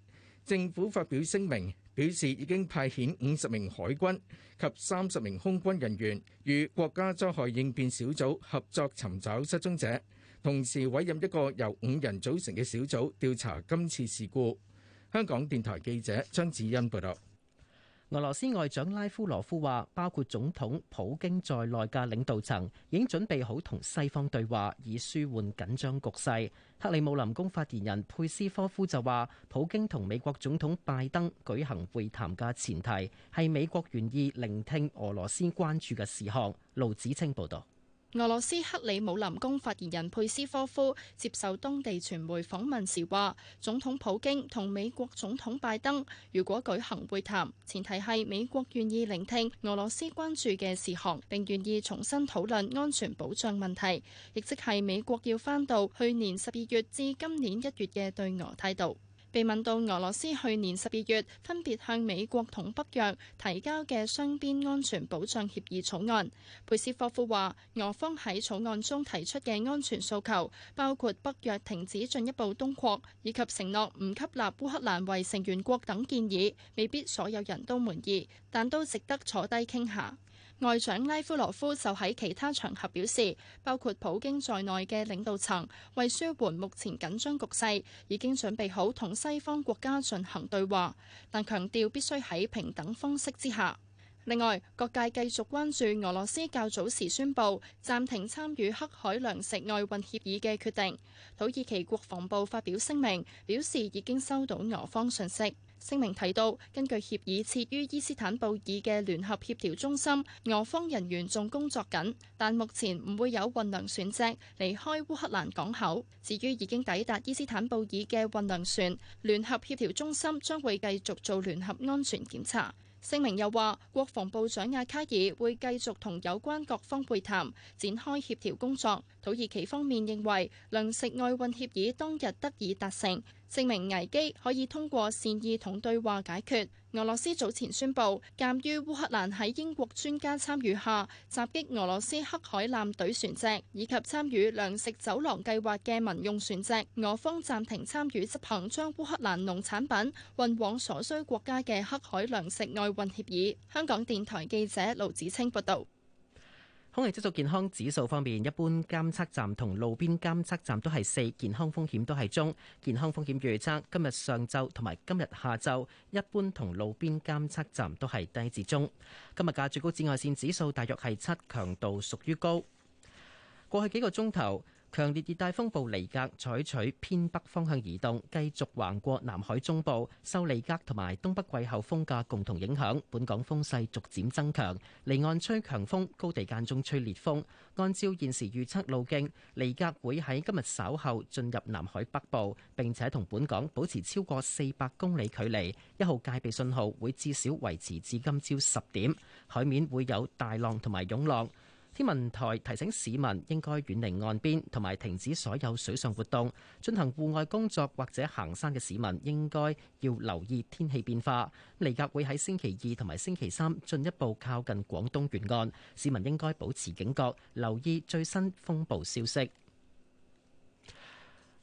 政府發表聲明，表示已經派遣五十名海軍及三十名空軍人員與國家災害應變小組合作尋找失蹤者，同時委任一個由五人組成嘅小組調查今次事故。香港電台記者張子欣報道。俄羅斯外長拉夫羅夫話，包括總統普京在內嘅領導層已經準備好同西方對話，以舒緩緊張局勢。克里姆林宮發言人佩斯科夫就話，普京同美國總統拜登舉行會談嘅前提係美國願意聆聽俄羅斯關注嘅事項。盧子清報道。俄羅斯克里姆林宮發言人佩斯科夫接受當地傳媒訪問時話，總統普京同美國總統拜登如果舉行會談，前提係美國願意聆聽俄羅斯關注嘅事項，並願意重新討論安全保障問題，亦即係美國要返到去年十二月至今年一月嘅對俄態度。被問到俄羅斯去年十二月分別向美國同北約提交嘅雙邊安全保障協議草案，佩斯霍夫話：俄方喺草案中提出嘅安全訴求，包括北約停止進一步東擴以及承諾唔吸納烏克蘭為成員國等建議，未必所有人都滿意，但都值得坐低傾下談談。外長拉夫羅夫就喺其他場合表示，包括普京在內嘅領導層為舒緩目前緊張局勢，已經準備好同西方國家進行對話，但強調必須喺平等方式之下。另外，各界繼續關注俄羅斯較早時宣布暫停參與黑海糧食外運協議嘅決定。土耳其國防部發表聲明表示，已經收到俄方信息。聲明提到，根據協議，設於伊斯坦布爾嘅聯合協調中心俄方人員仲工作緊，但目前唔會有運糧船隻離開烏克蘭港口。至於已經抵達伊斯坦布爾嘅運糧船，聯合協調中心將會繼續做聯合安全檢查。聲明又話，國防部長阿卡爾會繼續同有關各方會談，展開協調工作。土耳其方面認為糧食外運協議當日得以達成，證明危機可以通過善意同對話解決。俄羅斯早前宣布，鑑於烏克蘭喺英國專家參與下襲擊俄羅斯黑海艦隊船隻以及參與糧食走廊計劃嘅民用船隻，俄方暫停參與執行將烏克蘭農產品運往所需國家嘅黑海糧食外運協議。香港電台記者盧子清報道。空氣質素健康指數方面，一般監測站同路邊監測站都係四，健康風險都係中。健康風險預測今日上晝同埋今日下晝，一般同路邊監測站都係低至中。今日嘅最高紫外線指數大約係七，強度屬於高。過去幾個鐘頭。強烈熱帶風暴尼格採取偏北方向移動，繼續橫過南海中部，受尼格同埋東北季候風嘅共同影響，本港風勢逐漸增強，離岸吹強風，高地間中吹烈風。按照現時預測路徑，尼格會喺今日稍後進入南海北部，並且同本港保持超過四百公里距離。一號戒備信號會至少維持至今朝十點，海面會有大浪同埋湧浪。天文台提醒市民應該遠離岸邊同埋停止所有水上活動，進行戶外工作或者行山嘅市民應該要留意天氣變化。尼格會喺星期二同埋星期三進一步靠近廣東沿岸，市民應該保持警覺，留意最新風暴消息。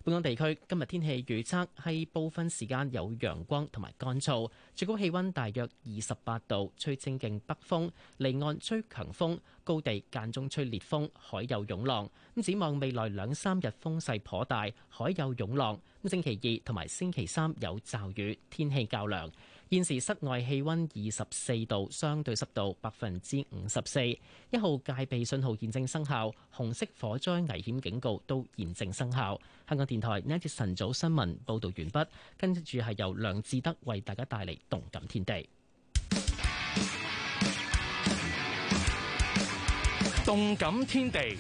本港地區今日天氣預測係部分時間有陽光同埋乾燥，最高氣温大約二十八度，吹清勁北風，離岸吹強風，高地間中吹烈風，海有湧浪。咁展望未來兩三日風勢頗大，海有湧浪。咁星期二同埋星期三有驟雨，天氣較涼。現時室外氣溫二十四度，相對濕度百分之五十四。一號戒備信號現正生效，紅色火災危險警告都現正生效。香港電台呢一次晨早新聞報道完畢，跟住係由梁志德為大家帶嚟動感天地。動感天地。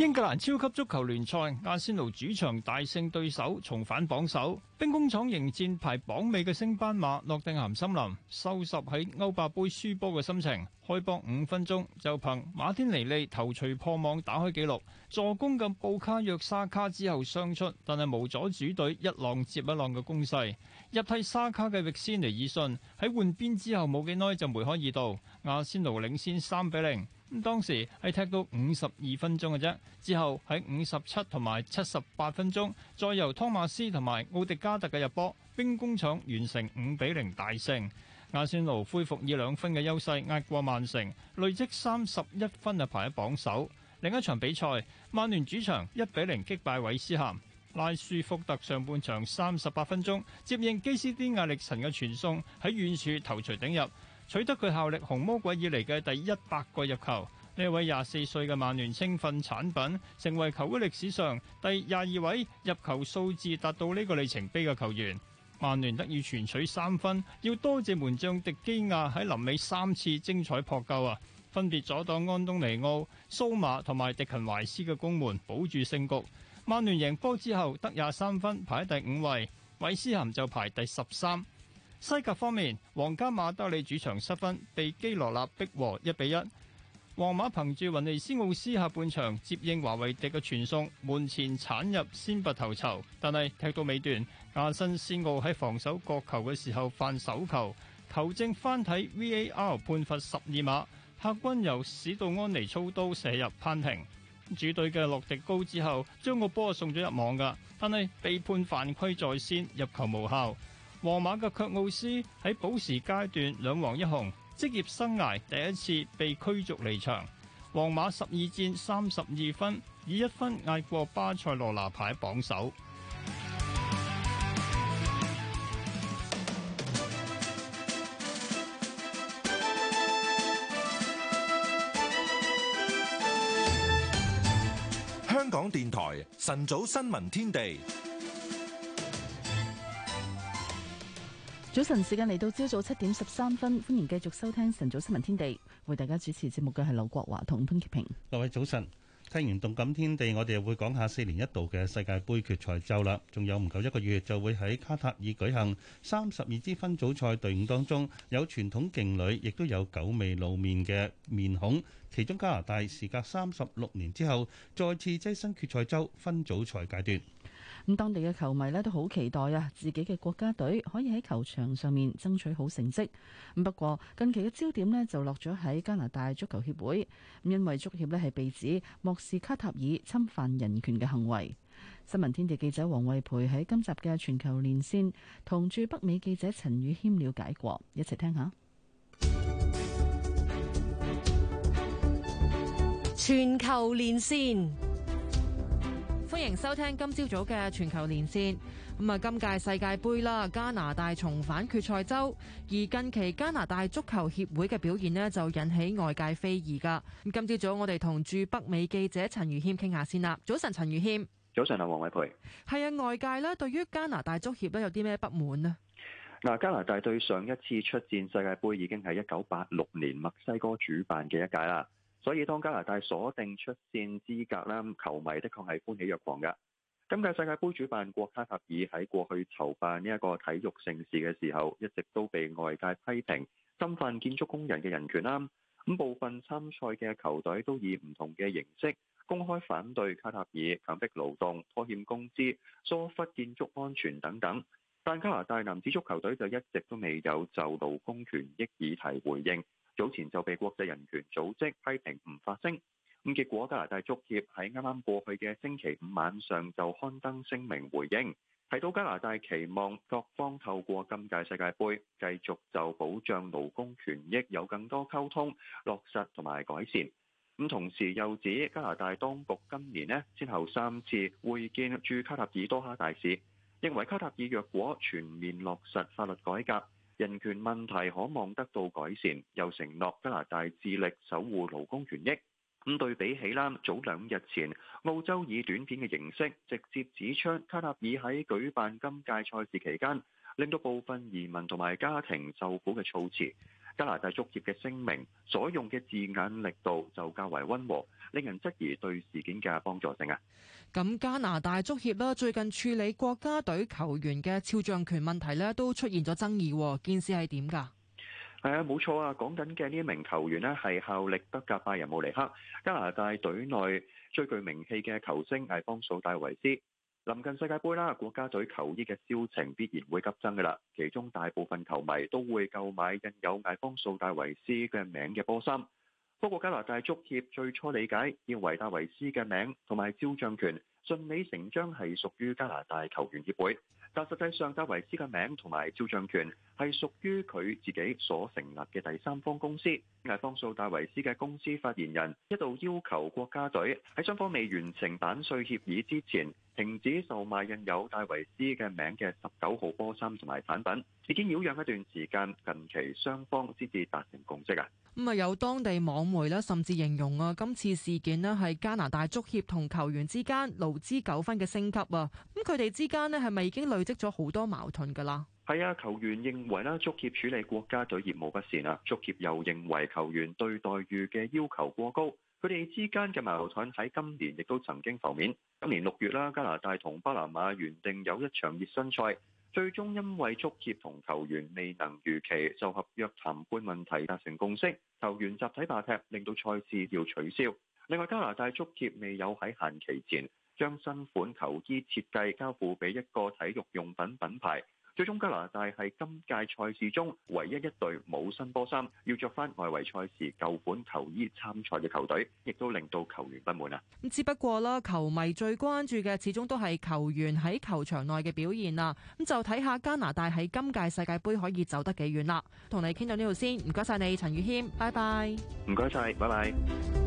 英格蘭超級足球聯賽，阿仙奴主場大勝對手，重返榜首。兵工廠迎戰排榜尾嘅升班馬諾定咸森林，收拾喺歐霸杯輸波嘅心情。開波五分鐘就憑馬天尼利頭錘破網打開紀錄，助攻嘅布卡約沙卡之後傷出，但係無阻主隊一浪接一浪嘅攻勢。入替沙卡嘅域斯尼爾遜喺換邊之後冇幾耐就梅開二度，阿仙奴領先三比零。咁當時係踢到五十二分鐘嘅啫，之後喺五十七同埋七十八分鐘，再由湯馬斯同埋奧迪加特嘅入波，兵工廠完成五比零大勝。亞仙奴恢復以兩分嘅優勢壓過曼城，累積三十一分啊，排喺榜首。另一場比賽，曼聯主場一比零擊敗韋斯咸，拉舒福特上半場三十八分鐘接應基斯丁亞力臣嘅傳送，喺遠處頭槌頂入。取得佢效力紅魔鬼以嚟嘅第一百個入球，呢位廿四歲嘅曼聯青訓產品，成為球會歷史上第廿二位入球數字達到呢個里程碑嘅球員。曼聯得以全取三分，要多謝門將迪基亞喺臨尾三次精彩撲救啊，分別阻擋安東尼奧、蘇馬同埋迪勤懷斯嘅攻門，保住勝局。曼聯贏波之後得廿三分，排喺第五位，韋斯咸就排第十三。西甲方面，皇家馬德里主場失分，被基羅納逼和一比一。皇馬憑住雲尼斯奧斯下半場接應華維迪嘅傳送，門前鏟入先拔頭籌。但係踢到尾段，亞新斯奧喺防守角球嘅時候犯手球，球證翻睇 VAR 判罰十二碼，客軍由史道安尼操刀射入扳平。主隊嘅洛迪高之後將個波送咗入網㗎，但係被判犯規在先，入球無效。皇馬嘅卻奧斯喺補時階段兩黃一紅，職業生涯第一次被驅逐離場。皇馬十二戰三十二分，以一分嗌過巴塞羅那排榜首。香港電台晨早新聞天地。早晨時間嚟到朝早七點十三分，歡迎繼續收聽晨早新聞天地。為大家主持節目嘅係劉國華同潘潔平。各位早晨，聽完動感天地，我哋又會講下四年一度嘅世界盃決賽週啦。仲有唔夠一個月，就會喺卡塔爾舉行。三十二支分組賽隊伍當中，有傳統勁旅，亦都有久未露面嘅面孔。其中加拿大時隔三十六年之後再次躋身決賽週分組賽階段。咁當地嘅球迷咧都好期待啊，自己嘅國家隊可以喺球場上面爭取好成績。不過近期嘅焦點咧就落咗喺加拿大足球協會，因為足協咧係被指漠視卡塔爾侵犯人權嘅行為。新聞天地記者王惠培喺今集嘅全球連線同駐北美記者陳宇謙了解過，一齊聽下。全球連線。歡迎收聽今朝早嘅全球連線。咁啊，今屆世界盃啦，加拿大重返決賽周。而近期加拿大足球協會嘅表現呢，就引起外界非議噶。咁今朝早，我哋同駐北美記者陳宇謙傾下先啦。早晨，陳宇謙。早晨啊，黃偉培。係啊，外界呢對於加拿大足協咧有啲咩不滿啊？嗱，加拿大對上一次出戰世界盃已經係一九八六年墨西哥主辦嘅一屆啦。所以當加拿大鎖定出線資格啦，球迷的確係歡喜若狂嘅。今屆世界杯主辦國卡塔爾喺過去籌辦呢一個體育盛事嘅時候，一直都被外界批評侵犯建築工人嘅人權啦。咁部分參賽嘅球隊都以唔同嘅形式公開反對卡塔爾強迫勞動、拖欠工資、疏忽建築安全等等。但加拿大男子足球隊就一直都未有就勞工權益議題回應。早前就被國際人權組織批評唔發聲，咁結果加拿大足協喺啱啱過去嘅星期五晚上就刊登聲明回應，提到加拿大期望各方透過今屆世界盃繼續就保障勞工權益有更多溝通、落實同埋改善。咁同時又指加拿大當局今年呢先後三次會見駐卡塔爾多哈大使，認為卡塔爾若果全面落實法律改革。人權問題可望得到改善，又承諾加拿大致力守護勞工權益。咁、嗯、對比起啦，早兩日前澳洲以短片嘅形式，直接指出卡塔爾喺舉辦今屆賽事期間，令到部分移民同埋家庭受苦嘅措辭。加拿大足協嘅聲明所用嘅字眼力度就較為溫和，令人質疑對事件嘅幫助性啊！咁加拿大足協咧最近處理國家隊球員嘅肖像權問題咧，都出現咗爭議，件事係點㗎？係啊，冇錯啊！講緊嘅呢一名球員咧係效力德甲拜仁慕尼黑，加拿大隊內最具名氣嘅球星係阿方素戴維斯。臨近世界盃啦，國家隊球衣嘅銷情必然會急增噶啦。其中大部分球迷都會購買印有艾方素戴維斯嘅名嘅波衫。不過加拿大足協最初理解認為戴維斯嘅名同埋肖像權，順理成章係屬於加拿大球員協會。但實際上，戴維斯嘅名同埋肖像權係屬於佢自己所成立嘅第三方公司。艾方素戴維斯嘅公司發言人一度要求國家隊喺雙方未完成版稅協議之前，停止售賣印有戴維斯嘅名嘅十九號波衫同埋產品，已經擾攘一段時間，近期雙方先至達成共識啊！咁啊、嗯，有當地網媒咧，甚至形容啊，今次事件呢係加拿大足協同球員之間勞資糾紛嘅升級啊！咁佢哋之間呢係咪已經累積咗好多矛盾㗎啦？係啊，球員認為咧足協處理國家隊業務不善啊，足協又認為球員對待遇嘅要求過高。佢哋之間嘅矛盾喺今年亦都曾經浮面。今年六月啦，加拿大同巴拿馬原定有一場熱身賽，最終因為足協同球員未能如期就合約談判問題達成共識，球員集體罷踢，令到賽事要取消。另外，加拿大足協未有喺限期前將新款球衣設計交付俾一個體育用品品牌。最終加拿大係今屆賽事中唯一一隊冇新波衫，要着翻外圍賽事舊款球衣參賽嘅球隊，亦都令到球員不滿啊，咁只不過啦，球迷最關注嘅始終都係球員喺球場內嘅表現啊，咁就睇下加拿大喺今屆世界杯可以走得幾遠啦。同你傾到呢度先，唔該晒你，陳宇謙，拜拜。唔該晒，拜拜。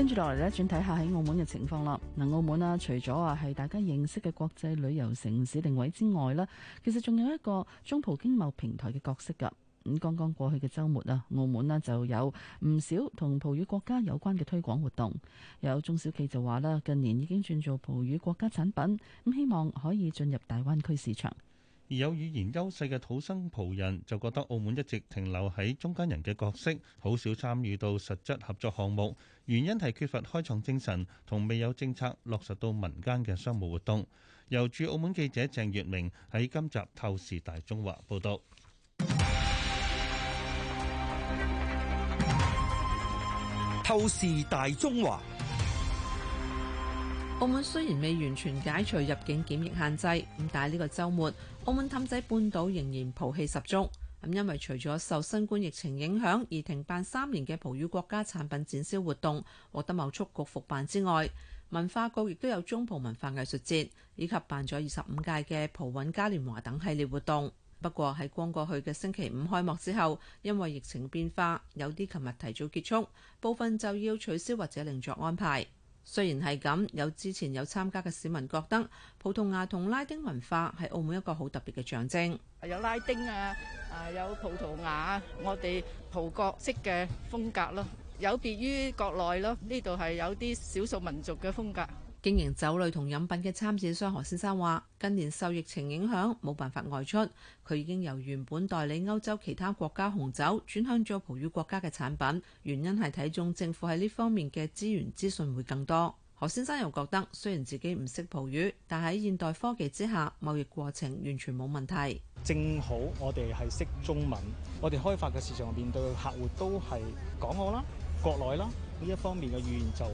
跟住落嚟咧，轉睇下喺澳門嘅情況啦。嗱，澳門啊，除咗啊係大家認識嘅國際旅遊城市定位之外呢，其實仲有一個中葡經貿平台嘅角色噶。咁剛剛過去嘅週末啊，澳門啦就有唔少同葡語國家有關嘅推廣活動。有中小企就話啦，近年已經轉做葡語國家產品，咁希望可以進入大灣區市場。而有語言優勢嘅土生葡人就覺得澳門一直停留喺中間人嘅角色，好少參與到實質合作項目。原因係缺乏開創精神，同未有政策落實到民間嘅商務活動。由駐澳門記者鄭月明喺今集《透視大中華》報導。《透視大中華》，澳門雖然未完全解除入境檢疫限制，咁但係呢個週末，澳門氹仔半島仍然葡氣十足，咁因為除咗受新冠疫情影響而停辦三年嘅葡語國家產品展銷活動獲得貿促局復辦之外，文化局亦都有中葡文化藝術節以及辦咗二十五屆嘅葡韻嘉年華等系列活動。不過喺剛過去嘅星期五開幕之後，因為疫情變化，有啲琴日提早結束，部分就要取消或者另作安排。雖然係咁，有之前有參加嘅市民覺得葡萄牙同拉丁文化係澳門一個好特別嘅象徵。有拉丁啊，啊有葡萄牙，我哋葡國式嘅風格咯，有別於國內咯，呢度係有啲少數民族嘅風格。經營酒類同飲品嘅參展商何先生話，近年受疫情影響，冇辦法外出，佢已經由原本代理歐洲其他國家紅酒，轉向咗葡語國家嘅產品。原因係睇中政府喺呢方面嘅資源資訊會更多。何先生又覺得，雖然自己唔識葡語，但喺現代科技之下，貿易過程完全冇問題。正好我哋係識中文，我哋開發嘅市場面對嘅客戶都係港澳啦、國內啦。呢一方面嘅語言就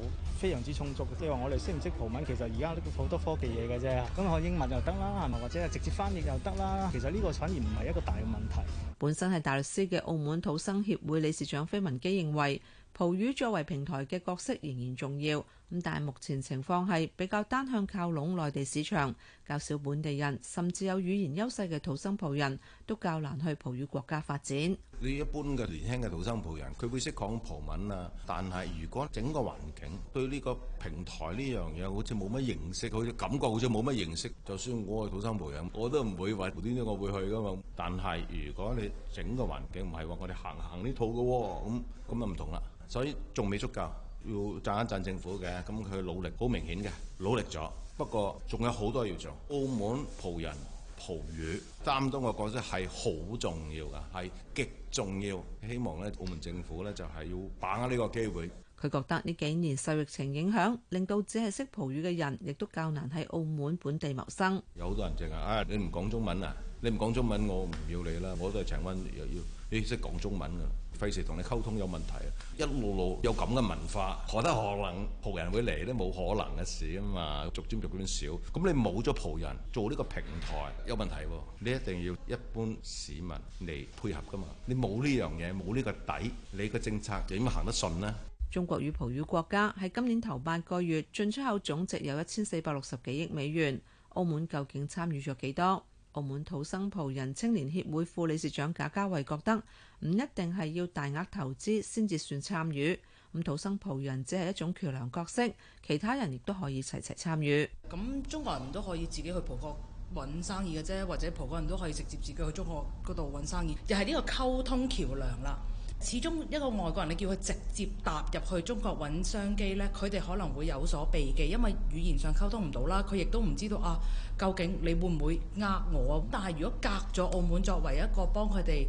非常之充足。即係話我哋識唔識葡文，其實而家好多科技嘢嘅啫。咁學英文又得啦，係咪？或者係直接翻譯又得啦。其實呢個反而唔係一個大嘅問題。本身係大律師嘅澳門土生協會理事長飛文基認為，葡語作為平台嘅角色仍然重要。咁但係目前情況係比較單向靠攏內地市場，較少本地人，甚至有語言優勢嘅土生葡人都較難去葡語國家發展。你一般嘅年輕嘅土生葡人，佢會識講葡文啊，但係如果整個環境對呢個平台呢樣嘢好似冇乜認識，好似感覺好似冇乜認識，就算我係土生葡人，我都唔會話無端端，我會去噶嘛。但係如果你整個環境唔係話我哋行行呢套嘅喎，咁咁就唔同啦。所以仲未足夠。要讚一讚政府嘅，咁佢努力好明顯嘅，努力咗。不過仲有好多要做。澳門葡人葡語擔當嘅角色係好重要嘅，係極重要。希望咧澳門政府咧就係要把握呢個機會。佢覺得呢幾年受疫情影響，令到只係識葡語嘅人，亦都較難喺澳門本地謀生。有好多人淨啊！啊、哎，你唔講中文啊？你唔講中文，我唔要你啦。我都係請翻又要，你識講中文㗎。費事同你溝通有問題，一路路有咁嘅文化，何得可能葡人會嚟咧？冇可能嘅事啊嘛，逐漸逐漸少。咁你冇咗葡人，做呢個平台有問題喎。你一定要一般市民嚟配合噶嘛。你冇呢樣嘢，冇呢個底，你個政策點行得順呢？中國與葡語國家喺今年頭八個月進出口總值有一千四百六十幾億美元。澳門究竟參與咗幾多？澳門土生葡人青年協會副理事長賈家慧覺得。唔一定係要大額投資先至算參與咁。土生葡人只係一種橋梁角色，其他人亦都可以齊齊參與。咁中國人都可以自己去葡國揾生意嘅啫，或者葡國人都可以直接自己去中國嗰度揾生意，又係呢個溝通橋梁啦。始終一個外國人，你叫佢直接踏入去中國揾商機呢，佢哋可能會有所避忌，因為語言上溝通唔到啦。佢亦都唔知道啊，究竟你會唔會呃我啊？但係如果隔咗澳門作為一個幫佢哋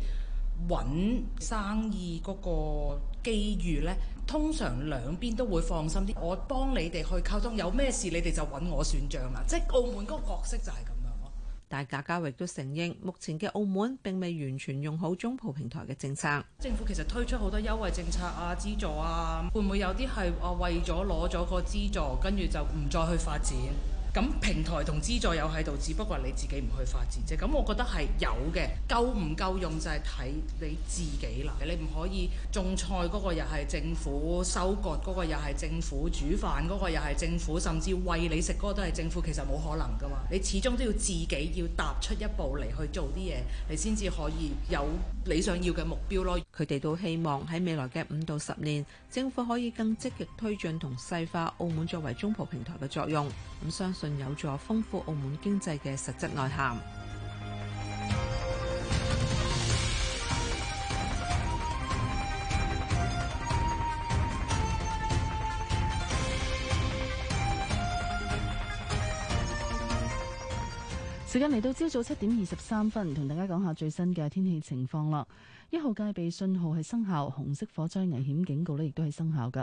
揾生意嗰個機遇呢，通常兩邊都會放心啲。我幫你哋去溝通，有咩事你哋就揾我算賬啦。即係澳門嗰個角色就係咁樣咯。但係賈嘉榮亦都承認，目前嘅澳門並未完全用好中葡平台嘅政策。政府其實推出好多優惠政策啊，資助啊，會唔會有啲係啊為咗攞咗個資助，跟住就唔再去發展？咁平台同資助有喺度，只不過你自己唔去發展啫。咁我覺得係有嘅，夠唔夠用就係睇你自己啦。你唔可以種菜嗰個又係政府，收割嗰個又係政府，煮飯嗰個又係政府，甚至餵你食嗰個都係政府。其實冇可能噶嘛，你始終都要自己要踏出一步嚟去做啲嘢，你先至可以有。你想要嘅目標咯，佢哋都希望喺未來嘅五到十年，政府可以更積極推進同細化澳門作為中葡平台嘅作用，咁相信有助豐富澳門經濟嘅實質內涵。時間嚟到朝早七點二十三分，同大家講下最新嘅天氣情況啦。一號戒備信號係生效，紅色火災危險警告呢亦都係生效噶。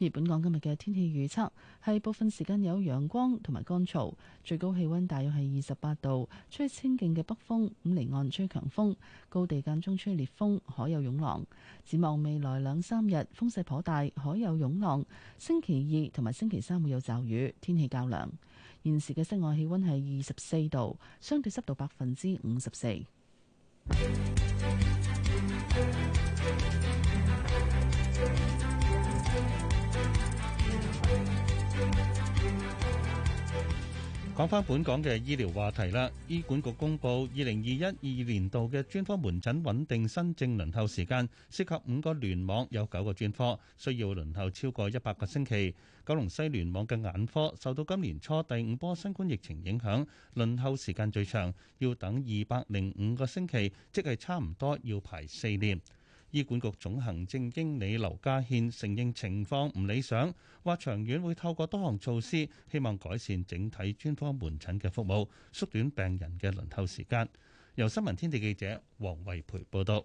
而本港今日嘅天氣預測係部分時間有陽光同埋乾燥，最高氣溫大約係二十八度，吹清勁嘅北風，咁離岸吹強風，高地間中吹烈風，海有湧浪。展望未來兩三日，風勢頗大，海有湧浪。星期二同埋星期三會有驟雨，天氣較涼。現時嘅室外氣溫係二十四度，相對濕度百分之五十四。講返本港嘅醫療話題啦，醫管局公布二零二一二二年度嘅專科門診穩定新症輪候時間，涉及五個聯網有九個專科，需要輪候超過一百個星期。九龍西聯網嘅眼科受到今年初第五波新冠疫情影響，輪候時間最長，要等二百零五個星期，即係差唔多要排四年。醫管局總行政經理劉家憲承認情況唔理想，話長遠會透過多項措施，希望改善整體專科門診嘅服務，縮短病人嘅輪候時間。由新聞天地記者黃慧培報道。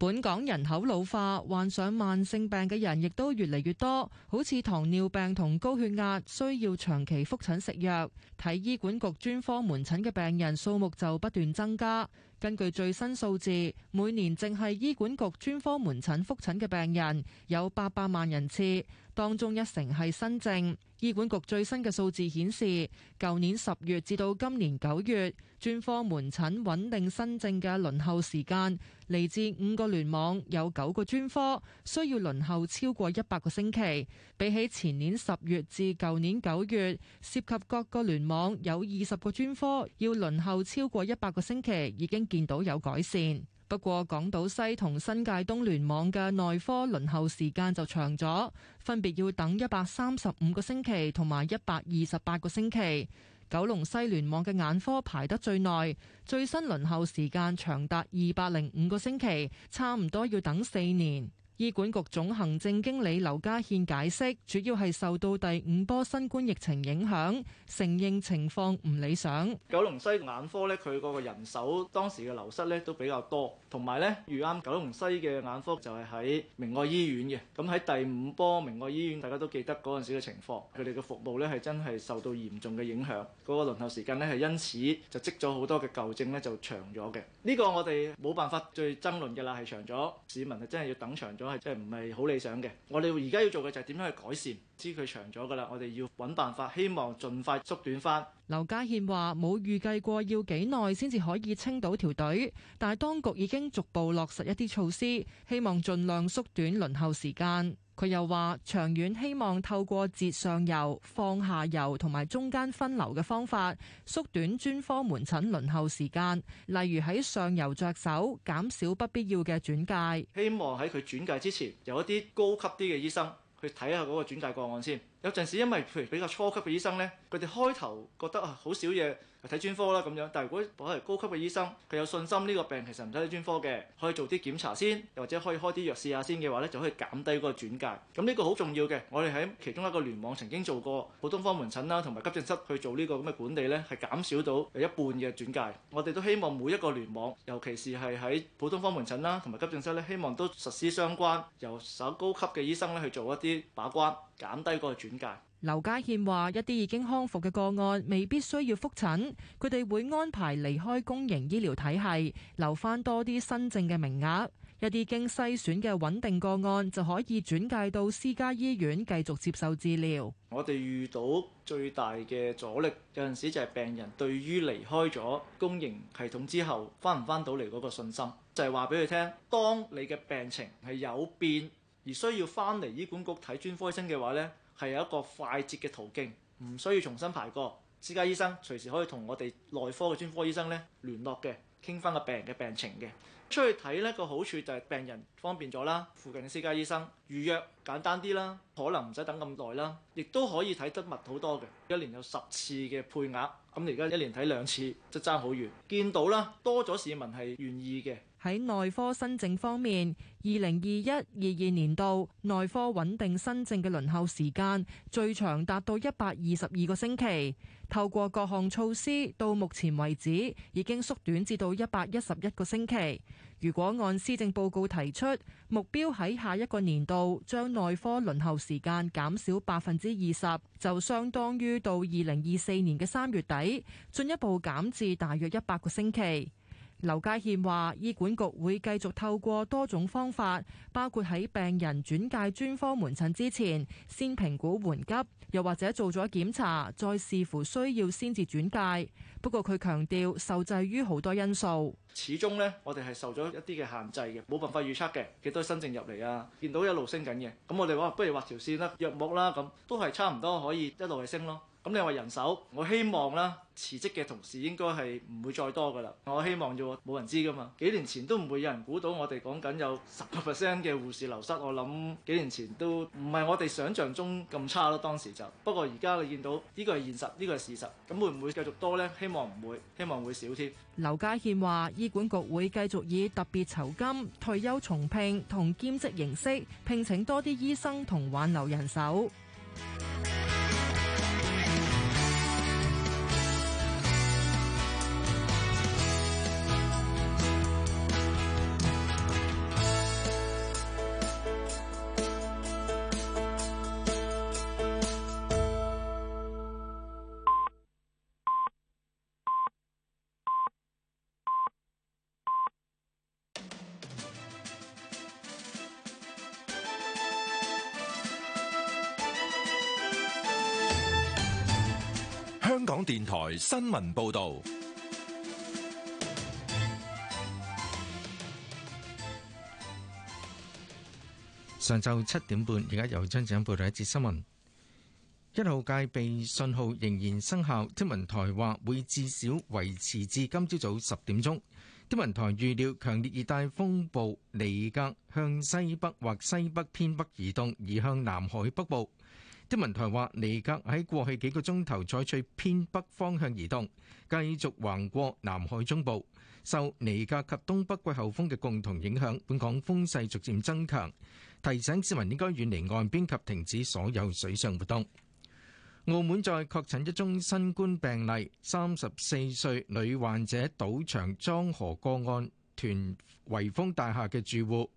本港人口老化，患上慢性病嘅人亦都越嚟越多，好似糖尿病同高血壓，需要長期復診食藥，睇醫管局專科門診嘅病人數目就不斷增加。根據最新數字，每年淨係醫管局專科門診復診嘅病人有八百萬人次。當中一成係新症，醫管局最新嘅數字顯示，舊年十月至到今年九月，專科門診穩定新症嘅輪候時間，嚟自五個聯網有九個專科需要輪候超過一百個星期。比起前年十月至舊年九月，涉及各個聯網有二十個專科要輪候超過一百個星期，已經見到有改善。不過，港島西同新界東聯網嘅內科輪候時間就長咗，分別要等一百三十五個星期同埋一百二十八個星期。九龍西聯網嘅眼科排得最耐，最新輪候時間長達二百零五個星期，差唔多要等四年。醫管局總行政經理劉家憲解釋，主要係受到第五波新冠疫情影響，承認情況唔理想。九龍西眼科咧，佢嗰個人手當時嘅流失咧都比較多，同埋咧，如啱九龍西嘅眼科就係喺明愛醫院嘅。咁喺第五波明愛醫院，大家都記得嗰陣時嘅情況，佢哋嘅服務咧係真係受到嚴重嘅影響，嗰個輪候時間咧係因此就積咗好多嘅舊症咧就長咗嘅。呢個我哋冇辦法再爭論㗎喇，係長咗，市民係真係要等長咗。即係唔係好理想嘅，我哋而家要做嘅就係點樣去改善？知佢長咗噶啦，我哋要揾辦法，希望盡快縮短翻。劉家憲話：冇預計過要幾耐先至可以清到條隊，但係當局已經逐步落實一啲措施，希望盡量縮短輪候時間。佢又話：長遠希望透過截上游、放下游同埋中間分流嘅方法，縮短專科門診輪候時間。例如喺上游着手減少不必要嘅轉介，希望喺佢轉介之前，有一啲高級啲嘅醫生去睇下嗰個轉介個案先。有陣時因為譬如比較初級嘅醫生咧，佢哋開頭覺得啊，好少嘢。睇專科啦，咁樣，但係如果我係高級嘅醫生，佢有信心呢個病其實唔使睇專科嘅，可以做啲檢查先，又或者可以開啲藥試下先嘅話呢，就可以減低嗰個轉介。咁呢個好重要嘅，我哋喺其中一個聯網曾經做過普通科門診啦，同埋急症室去做呢個咁嘅管理呢，係減少到有一半嘅轉介。我哋都希望每一個聯網，尤其是係喺普通科門診啦同埋急症室呢，希望都實施相關由稍高級嘅醫生呢去做一啲把關，減低嗰個轉介。劉家憲話，一啲已經康復嘅個案未必需要復診，佢哋會安排離開公營醫療體系，留翻多啲新症嘅名額。一啲經篩選嘅穩定個案就可以轉介到私家醫院繼續接受治療。我哋遇到最大嘅阻力，有陣時就係病人對於離開咗公營系統之後，翻唔翻到嚟嗰個信心，就係話俾佢聽，當你嘅病情係有變而需要翻嚟醫管局睇專科醫生嘅話呢。」係有一個快捷嘅途徑，唔需要重新排過私，私家醫生，隨時可以同我哋內科嘅專科醫生咧聯絡嘅，傾翻個病人嘅病情嘅。出去睇呢個好處就係病人方便咗啦，附近嘅私家醫生預約簡單啲啦，可能唔使等咁耐啦，亦都可以睇得密好多嘅。一年有十次嘅配額，咁你而家一年睇兩次，即係爭好遠。見到啦，多咗市民係願意嘅。喺內科新症方面，二零二一、二二年度內科穩定新症嘅輪候時間最長達到一百二十二個星期。透過各項措施，到目前為止已經縮短至到一百一十一個星期。如果按施政報告提出目標，喺下一個年度將內科輪候時間減少百分之二十，就相當於到二零二四年嘅三月底進一步減至大約一百個星期。劉家獻話：醫管局會繼續透過多種方法，包括喺病人轉介專科門診之前，先評估緩急，又或者做咗檢查，再視乎需要先至轉介。不過佢強調，受制於好多因素，始終呢，我哋係受咗一啲嘅限制嘅，冇辦法預測嘅幾多新症入嚟啊！見到一路升緊嘅，咁我哋話不如畫條線啦，約莫啦，咁都係差唔多可以一路去升咯。咁你話人手，我希望啦，辭職嘅同事應該係唔會再多噶啦。我希望啫，冇人知噶嘛。幾年前都唔會有人估到我哋講緊有十個 percent 嘅護士流失。我諗幾年前都唔係我哋想像中咁差咯。當時就，不過而家你見到呢個係現實，呢、呢個係事實。咁會唔會繼續多呢？希望唔會，希望會少添。劉家軒話：醫管局會繼續以特別酬金、退休重聘同兼職形式，聘請多啲醫生同挽留人手。新聞報導。上晝七點半，而家由張展報道一節新聞。一號戒備信號仍然生效，天文台話會至少維持至今朝早十點鐘。天文台預料強烈熱帶風暴尼格向西北或西北偏北移動，移向南海北部。天文台話，尼格喺過去幾個鐘頭採取偏北方向移動，繼續橫過南海中部。受尼格及東北季候風嘅共同影響，本港風勢逐漸增強，提醒市民應該遠離岸邊及停止所有水上活動。澳門再確診一宗新冠病例，三十四歲女患者賭場莊荷個案，屯維峰大廈嘅住戶。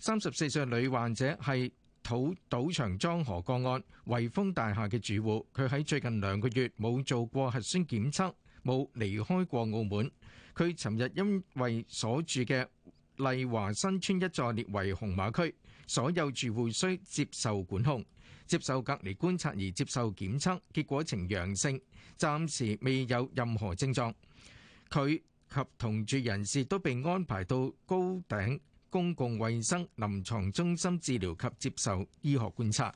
三十四歲女患者係。土賭場莊河個案，維豐大廈嘅住戶，佢喺最近兩個月冇做過核酸檢測，冇離開過澳門。佢尋日因為所住嘅麗華新村一座列為紅碼區，所有住戶需接受管控、接受隔離觀察而接受檢測，結果呈陽性，暫時未有任何症狀。佢及同住人士都被安排到高頂。公共衛生臨床中心治療及接受醫學觀察。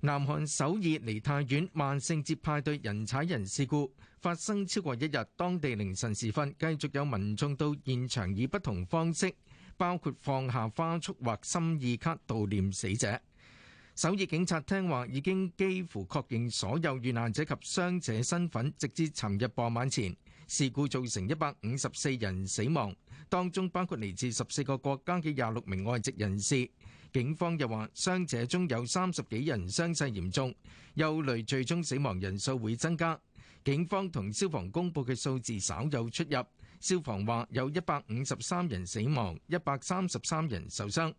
南韓首爾梨泰院萬聖節派對人踩人事故發生超過一日，當地凌晨時分繼續有民眾到現場以不同方式，包括放下花束或心意卡悼念死者。首爾警察廳話已經幾乎確認所有遇難者及傷者身份，直至尋日傍晚前。事故造成一百五十四人死亡，當中包括嚟自十四個國家嘅廿六名外籍人士。警方又話，傷者中有三十幾人傷勢嚴重，憂慮最終死亡人數會增加。警方同消防公布嘅數字稍有出入。消防話有一百五十三人死亡，一百三十三人受傷。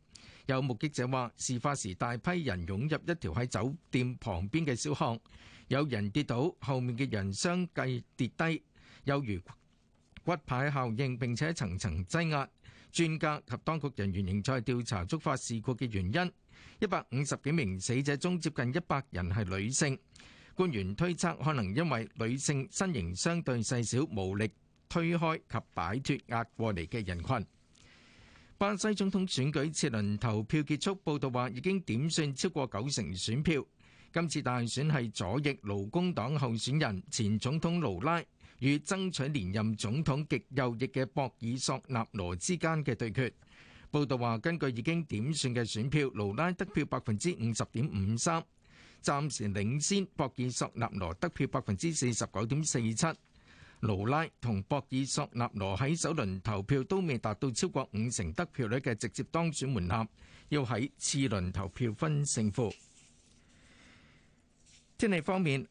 有目擊者話，事發時大批人湧入一條喺酒店旁邊嘅小巷，有人跌倒，後面嘅人相繼跌低。有如骨牌效應，並且層層擠壓。專家及當局人員仍在調查觸發事故嘅原因。一百五十幾名死者中，接近一百人係女性。官員推測，可能因為女性身形相對細小，無力推開及擺脱壓過嚟嘅人羣。巴西總統選舉次輪投票結束，報道話已經點算超過九成選票。今次大選係左翼勞工黨候選人前總統盧拉，與爭取連任總統極右翼嘅博爾索納羅之間嘅對決。報道話，根據已經點算嘅選票，盧拉得票百分之五十點五三，暫時領先博爾索納羅得票百分之四十九點四七。盧拉同博爾索納羅喺首輪投票都未達到超過五成得票率嘅直接當選門檻，要喺次輪投票分勝負。天氣方面。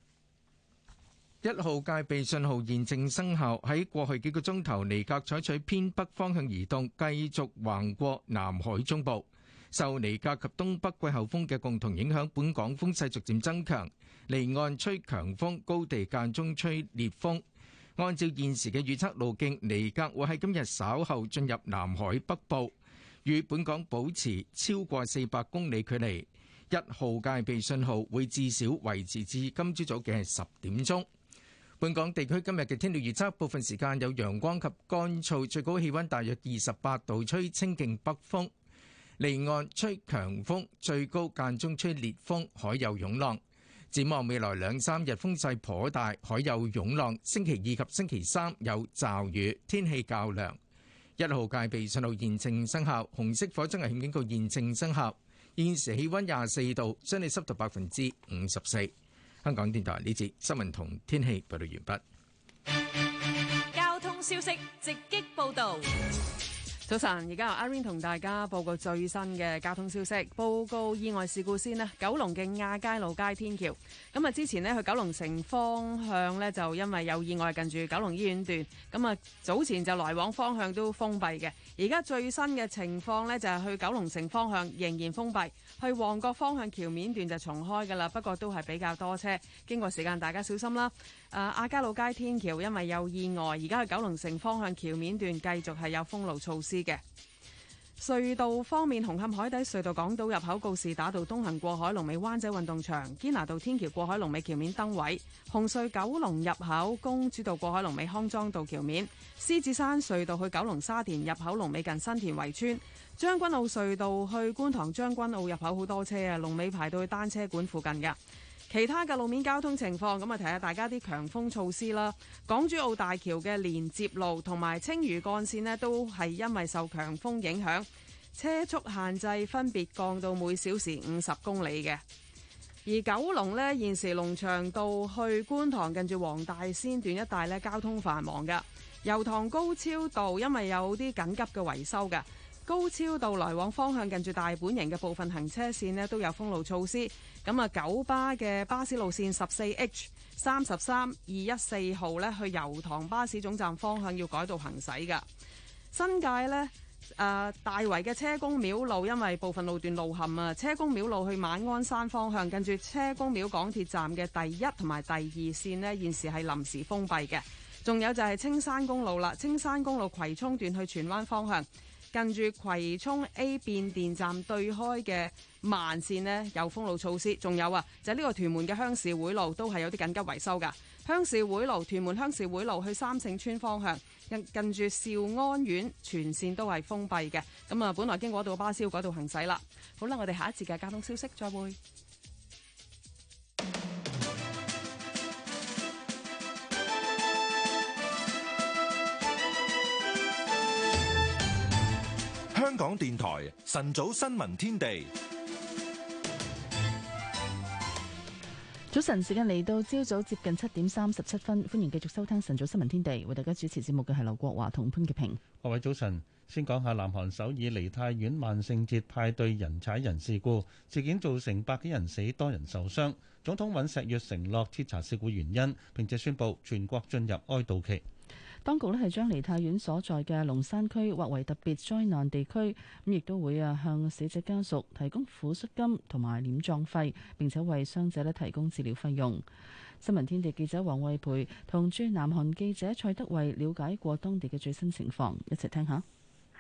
一號戒備信號現正生效，喺過去幾個鐘頭，尼格採取偏北方向移動，繼續橫過南海中部。受尼格及東北季候風嘅共同影響，本港風勢逐漸增強，離岸吹強風，高地間中吹烈風。按照現時嘅預測路徑，尼格會喺今日稍後進入南海北部，與本港保持超過四百公里距離。一號戒備信號會至少維持至今朝早嘅十點鐘。本港地區今日嘅天氣預測，部分時間有陽光及乾燥，最高氣溫大約二十八度，吹清勁北風。離岸吹強風，最高間中吹烈風，海有湧浪。展望未來兩三日風勢頗大，海有湧浪。星期二及星期三有驟雨，天氣較涼。一號戒備信號現正生效，紅色火災危險警告現正生效。現時氣溫廿四度，相對濕度百分之五十四。香港電台呢節新聞同天氣報道完畢。交通消息直擊報道。早晨，而家阿 rain 同大家報告最新嘅交通消息。報告意外事故先啦，九龍嘅亞皆老街天橋。咁啊，之前咧去九龍城方向咧就因為有意外，近住九龍醫院段。咁啊，早前就來往方向都封閉嘅。而家最新嘅情況咧就係去九龍城方向仍然封閉，去旺角方向橋面段就重開噶啦，不過都係比較多車。經過時間，大家小心啦。誒，亞皆老街天橋因為有意外，而家去九龍城方向橋面段繼續係有封路措施。隧道方面，紅磡海底隧道港島入口告士打道東行過海，龍尾灣仔運動場堅拿道天橋過海龍尾橋面燈位，紅隧九龍入口公主道過海龍尾康莊道橋面，獅子山隧道去九龍沙田入口龍尾近新田圍村，將軍澳隧道去觀塘將軍澳入口好多車啊，龍尾排到去單車館附近㗎。其他嘅路面交通情況，咁啊，提下大家啲強風措施啦。港珠澳大橋嘅連接路同埋青嶼幹線呢，都係因為受強風影響，車速限制分別降到每小時五十公里嘅。而九龍呢，現時龍翔道去觀塘近住黃大仙段一帶呢，交通繁忙㗎。油塘高超道因為有啲緊急嘅維修㗎。高超道來往方向近住大本營嘅部分行車線咧，都有封路措施。咁啊，九巴嘅巴士路線十四 H、33、三十三、二一四號咧，去油塘巴士總站方向要改道行駛嘅。新界呢，誒、呃，大圍嘅車公廟路因為部分路段路陷啊，車公廟路去馬鞍山方向近住車公廟港鐵站嘅第一同埋第二線呢，現時係臨時封閉嘅。仲有就係青山公路啦，青山公路葵涌段去荃灣方向，近住葵涌 A 變電站對開嘅慢綫呢，有封路措施，仲有啊，就係呢個屯門嘅鄉事會路都係有啲緊急維修噶。鄉事會路，屯門鄉事會路去三聖村方向近住兆安苑全綫都係封閉嘅。咁啊，本來經過度巴士要改道行駛啦。好啦，我哋下一節嘅交通消息再會。香港電台晨早新聞天地，早晨時間嚟到朝早接近七點三十七分，歡迎繼續收聽晨早新聞天地，為大家主持節目嘅係劉國華同潘潔平。各位早晨，先講下南韓首爾梨泰院萬聖節派對人踩人事故，事件造成百幾人死，多人受傷。總統尹錫悅承諾徹查事故原因，並且宣布全國進入哀悼期。當局咧係將梨泰院所在嘅龍山區劃為特別災難地區，咁亦都會啊向死者家屬提供撫恤金同埋殮葬費，並且為傷者咧提供治療費用。新聞天地記者黃慧培同駐南韓記者蔡德惠了解過當地嘅最新情況，一齊聽一下。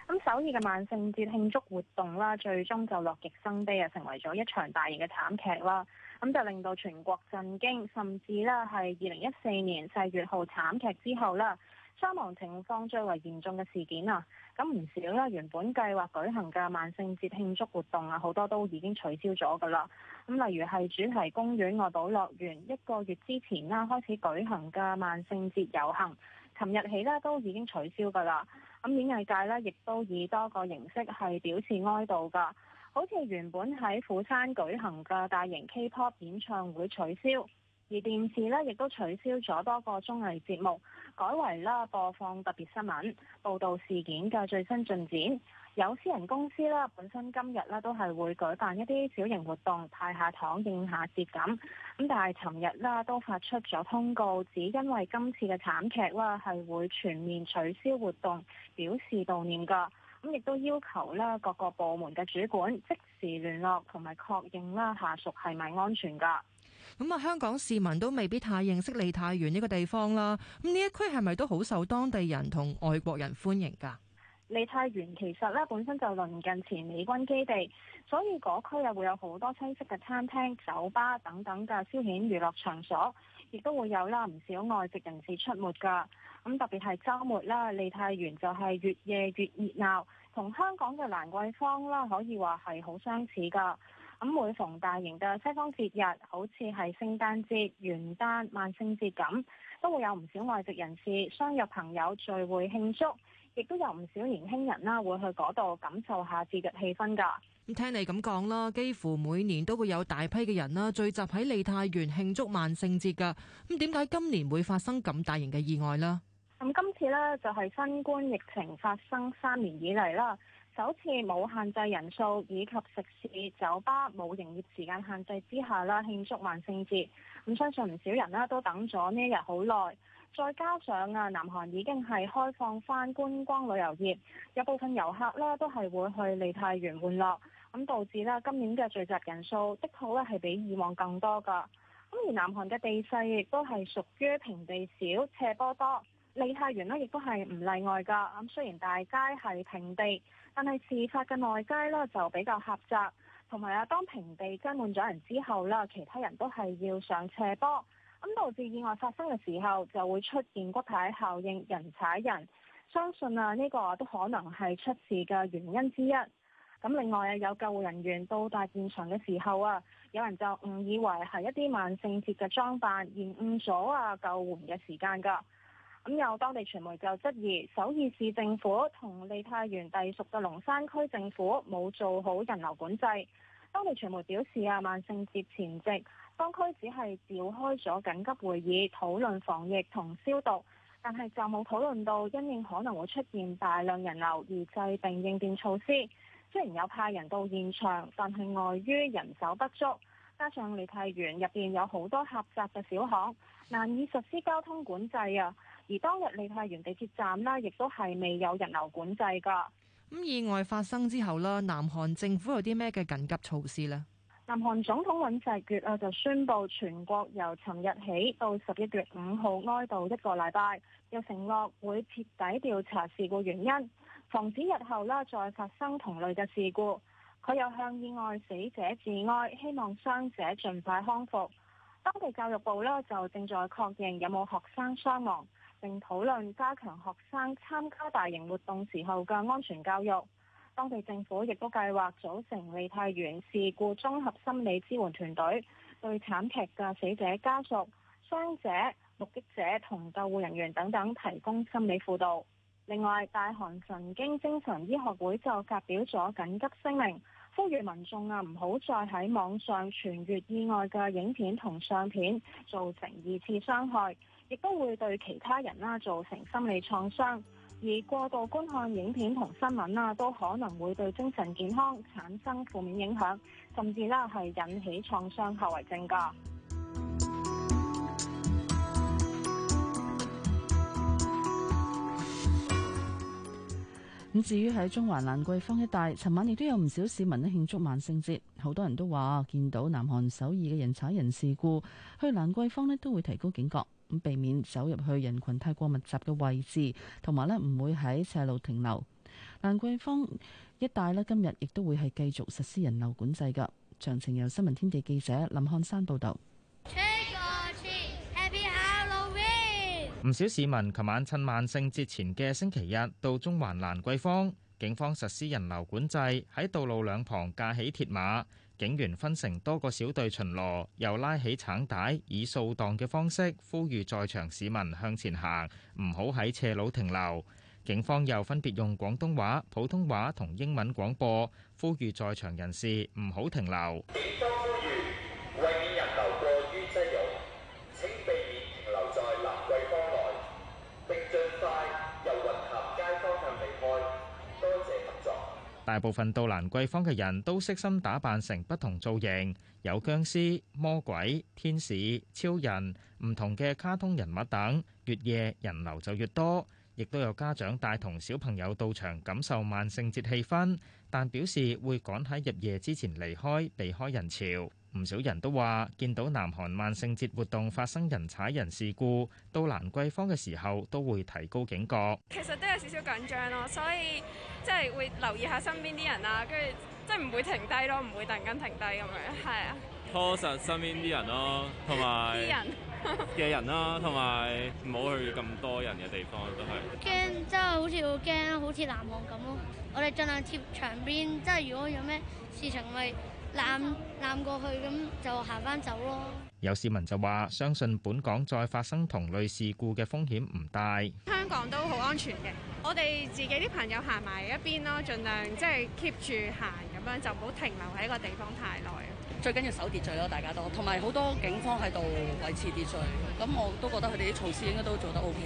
咁首爾嘅萬聖節慶祝活動啦，最終就樂極生悲啊，成為咗一場大型嘅慘劇啦。咁就令到全國震驚，甚至咧係二零一四年世越號慘劇之後啦。傷亡情況最為嚴重嘅事件啊，咁唔少啦。原本計劃舉行嘅萬聖節慶祝活動啊，好多都已經取消咗噶啦。咁例如係主題公園、外島樂園，一個月之前啦開始舉行嘅萬聖節遊行，琴日起呢都已經取消噶啦。咁演藝界呢亦都以多個形式係表示哀悼噶，好似原本喺釜山舉行嘅大型 K-pop 演唱會取消。而電視咧，亦都取消咗多個綜藝節目，改為啦播放特別新聞，報導事件嘅最新進展。有私人公司啦，本身今日咧都係會舉辦一啲小型活動，派下糖應下節咁。咁但係，尋日啦都發出咗通告，指因為今次嘅慘劇啦，係會全面取消活動，表示悼念噶。咁亦都要求啦各個部門嘅主管即時聯絡同埋確認啦，下屬係咪安全噶。咁啊，香港市民都未必太認識利泰園呢個地方啦。咁呢一區係咪都好受當地人同外國人歡迎噶？利泰園其實咧本身就鄰近前美軍基地，所以嗰區又會有好多親戚嘅餐廳酒吧等等嘅消遣娛樂場所，亦都會有啦唔少外籍人士出沒噶。咁特別係周末啦，利泰園就係越夜越熱鬧，同香港嘅蘭桂坊啦可以話係好相似噶。咁每逢大型嘅西方節日，好似係聖誕節、元旦、萬聖節咁，都會有唔少外籍人士相約朋友聚會慶祝，亦都有唔少年輕人啦，會去嗰度感受下節日氣氛㗎。咁聽你咁講啦，幾乎每年都會有大批嘅人啦，聚集喺梨泰院慶祝萬聖節㗎。咁點解今年會發生咁大型嘅意外咧？咁今次呢，就係新冠疫情發生三年以嚟啦。首次冇限制人數以及食肆、酒吧冇營業時間限制之下啦，慶祝萬聖節，咁，相信唔少人啦都等咗呢一日好耐。再加上啊，南韓已經係開放翻觀光旅遊業，有部分遊客咧都係會去利泰園玩樂，咁導致啦今年嘅聚集人數的確咧係比以往更多噶。咁而南韓嘅地勢亦都係屬於平地少、斜坡多，利泰園咧亦都係唔例外噶，咁雖然大街係平地。但係事發嘅內街呢，就比較狹窄，同埋啊，當平地擠滿咗人之後啦，其他人都係要上斜坡，咁導致意外發生嘅時候就會出現骨牌效應，人踩人，相信啊呢、呢個啊都可能係出事嘅原因之一。咁另外啊，有救護人員到達現場嘅時候啊，有人就誤以為係一啲萬聖節嘅裝扮，延誤咗啊救護嘅時間㗎。咁、嗯、有當地傳媒就質疑首爾市政府同梨泰院隸屬嘅龍山區政府冇做好人流管制。當地傳媒表示啊，萬聖節前夕，當區只係召開咗緊急會議討論防疫同消毒，但係就冇討論到因應可能會出現大量人流而制定應變措施。雖然有派人到現場，但係礙於人手不足，加上梨泰院入邊有好多狹窄嘅小巷，難以實施交通管制啊。而當日梨泰，梨泰院地鐵站呢亦都係未有人流管制噶。咁意外發生之後啦，南韓政府有啲咩嘅緊急措施呢？南韓總統尹錫悅啊，就宣布全國由尋日起到十一月五號哀悼一個禮拜，又承諾會徹底調查事故原因，防止日後啦再發生同類嘅事故。佢又向意外死者致哀，希望傷者盡快康復。當地教育部呢就正在確認有冇學生傷亡。正討論加強學生參加大型活動時候嘅安全教育。當地政府亦都計劃組成梨泰院事故綜合心理支援團隊，對慘劇嘅死者家屬、傷者、目擊者同救護人員等等提供心理輔導。另外，大韓神經精神醫學會就發表咗緊急聲明，呼籲民眾啊唔好再喺網上傳閱意外嘅影片同相片，造成二次傷害。亦都會對其他人啦造成心理創傷，而過度觀看影片同新聞啦，都可能會對精神健康產生負面影響，甚至啦係引起創傷後遺症。㗎，咁至於喺中環蘭桂坊一帶，尋晚亦都有唔少市民咧慶祝萬聖節，好多人都話見到南韓首爾嘅人踩人事故，去蘭桂坊咧都會提高警覺。咁避免走入去人群太過密集嘅位置，同埋呢唔會喺斜路停留。蘭桂坊一帶呢今日亦都會係繼續實施人流管制㗎。詳情由新聞天地記者林漢山報導。唔少市民琴晚趁萬聖節前嘅星期日到中環蘭桂坊，警方實施人流管制，喺道路兩旁架起鐵馬。警員分成多個小隊巡邏，又拉起橙帶，以掃蕩嘅方式呼籲在場市民向前行，唔好喺斜路停留。警方又分別用廣東話、普通話同英文廣播，呼籲在場人士，唔好停留。大部分到蘭桂坊嘅人都悉心打扮成不同造型，有僵屍、魔鬼、天使、超人、唔同嘅卡通人物等。越夜人流就越多，亦都有家長帶同小朋友到場感受萬聖節氣氛，但表示會趕喺入夜之前離開，避開人潮。唔少人都話見到南韓萬聖節活動發生人踩人事故，到蘭桂坊嘅時候都會提高警覺。其實都有少少緊張咯，所以即係、就是、會留意下身邊啲人啦，跟住即係唔會停低咯，唔會突然間停低咁 樣，係啊。拖實身邊啲人咯，同埋啲人嘅人啦，同埋唔好去咁多人嘅地方都係。驚，即係好似好驚，好似南韓咁咯。我哋儘量貼牆邊，即係如果有咩事情咪。攬攬過去咁就行翻走咯。有市民就話：相信本港再發生同類事故嘅風險唔大。香港都好安全嘅，我哋自己啲朋友行埋一邊咯，儘量即係 keep 住行咁樣，就唔好停留喺個地方太耐。最緊要守秩序咯，大家都，同埋好多警方喺度維持秩序，咁我都覺得佢哋啲措施應該都做得 OK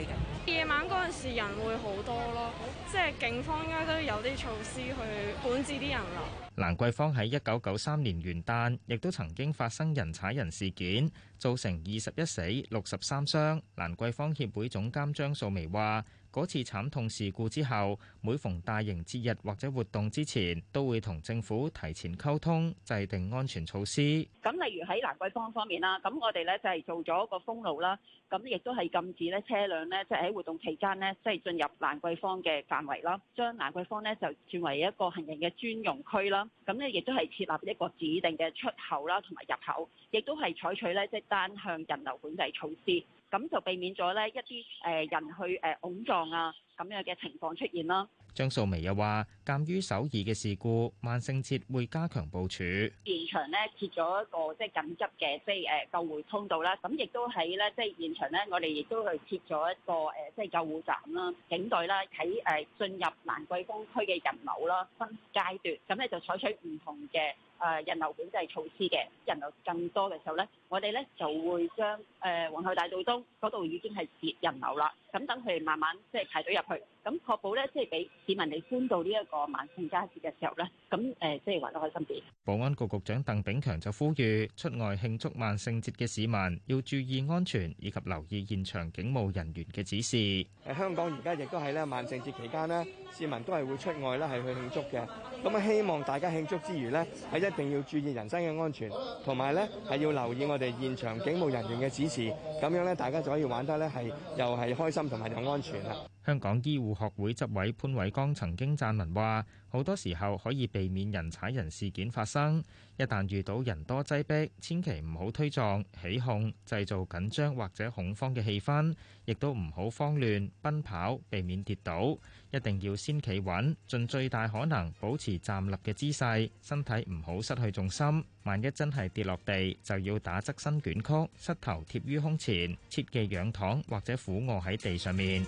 嘅。夜晚嗰陣時人會好多咯，即係警方應該都有啲措施去管制啲人流。蘭桂坊喺一九九三年元旦亦都曾經發生人踩人事件，造成二十一死六十三傷。蘭桂坊協會總監張素眉話。嗰次慘痛事故之後，每逢大型節日或者活動之前，都會同政府提前溝通，制定安全措施。咁例如喺蘭桂坊方面啦，咁我哋咧就係做咗個封路啦，咁亦都係禁止咧車輛咧即係喺活動期間咧即係進入蘭桂坊嘅範圍啦，將蘭桂坊咧就轉為一個行人嘅專用區啦。咁咧亦都係設立一個指定嘅出口啦同埋入口，亦都係採取咧即係單向人流管制措施。咁就避免咗咧一啲誒人去誒擁撞啊咁樣嘅情況出現啦。張素眉又話，鑑於首爾嘅事故，萬聖節會加強部署。現場咧設咗一個即係緊急嘅即係誒救護通道啦，咁亦都喺咧即係現場咧，我哋亦都去設咗一個誒即係救護站啦、警隊啦，喺誒進入蘭桂坊區嘅人流啦，分階段，咁咧就採取唔同嘅誒人流管制措施嘅人流更多嘅時候咧。我哋咧就會將誒皇后大道東嗰度已經係截人流啦，咁等佢哋慢慢即係排隊入去，咁確保咧即係俾市民哋歡度呢一個萬聖佳節嘅時候咧，咁誒即係玩得開心啲。保安局局長鄧炳強就呼籲出外慶祝萬聖節嘅市民要注意安全，以及留意現場警務人員嘅指示。誒香港而家亦都喺咧萬聖節期間咧，市民都係會出外咧係去慶祝嘅，咁啊希望大家慶祝之餘咧係一定要注意人身嘅安全，同埋咧係要留意我。現場警務人員嘅指示，咁樣咧，大家就可以玩得咧，係又係開心同埋又安全啦。香港醫護學會執委潘偉剛曾經撰文話：好多時候可以避免人踩人事件發生。一旦遇到人多擠迫，千祈唔好推撞、起哄、製造緊張或者恐慌嘅氣氛，亦都唔好慌亂奔跑，避免跌倒。一定要先企穩，盡最大可能保持站立嘅姿勢，身體唔好失去重心。萬一真係跌落地，就要打側身捲曲，膝頭貼於胸前，切忌仰躺或者俯臥喺地上面。